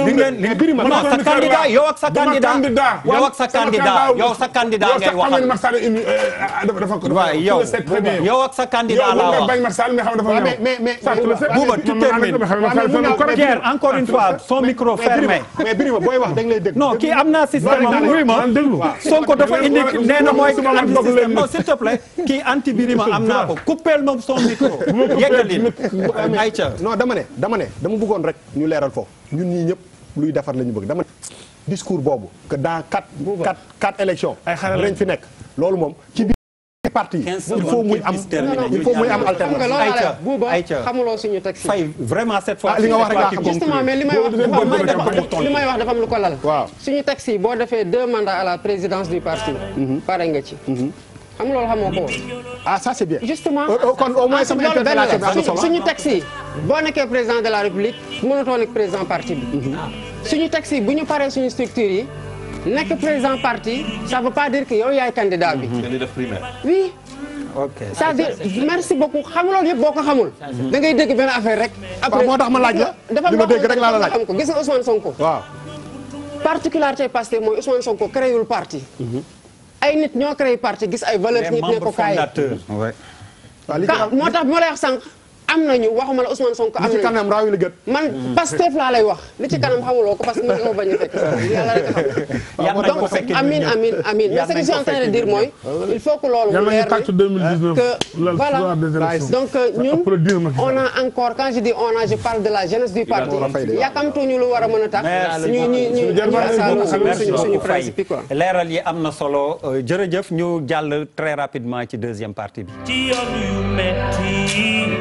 li leen li birima non sa candidat yow ak sa candidat yow ak sa candidat yow sa candidat ngay wax dafa ko yow yow ak sa candidat la wax bañ Macky Sall nga xam dafa mais mais mais Bouba tu termines encore une fois son micro fermé mais birima booy wax dañ lay dégg non kii am na système oui ma Sonko dafa indi nee na mooy anti système non s'il te plaît kii anti birima am naa ko coupel moom son micro yeggalin ayca non dama ne dama ne dama bëggoon rek ñu leeral foofu ñun ñii ñëpp luy defar la ñu bëgg dama ne discours boobu que dans quatre quatre quatre élections lañ fi nekk loolu moom ci biir parti il faut muy am il faut muy am alternative buuba xamuloo suñu texte fay vraiment cette fois li nga wax rek justement mais li may wax li may wax dafa am lu ko lal waaw suñu texte yi boo defee deux mandats à la présidence du parti mm-hmm. pare nga ci mm-hmm. xam loolu xamoo am na solo suñu taxi yi boo nekkee président de la république mënatoo nekk président parti bi. Mhm. suñu taxi yi bu ñu paree suñu structure yi nekk président parti ça veut pas dire que yow yaay candidat bi. Mhm. dañuy def primaire. oui. ok c'est-à-dire merci beaucoup xam loolu boo ko xamul. da ngay dégg benn affaire rek. après moo tax ma laaj la li ma dégg rek laa la laaj xam ko gis nga Ousmane Sonko. waaw particularité Pastef mooy Ousmane Sonko créewul parti. Mhm. ay nit ñoo créé parti gis ay valeurs nit ne ko kaay. waaw moo tax bi ma sànq. am nañu waxuma la Ousmane Sonko am nañu li ci kanam raawi la gët. man Pastef laa lay wax li ci kanam xamuloo ko parce que mënuloo bañ a fekk yàlla de dire mooy. mu leer que voilà donc euh, ñun on a encore quand je dis on a la jeunesse lu war a mën a tax. ñu ñu ñu ñu suñu principe quoi. yi am na solo euh, jërëjëf ñu jàll très rapidement ci deuxième partie bi.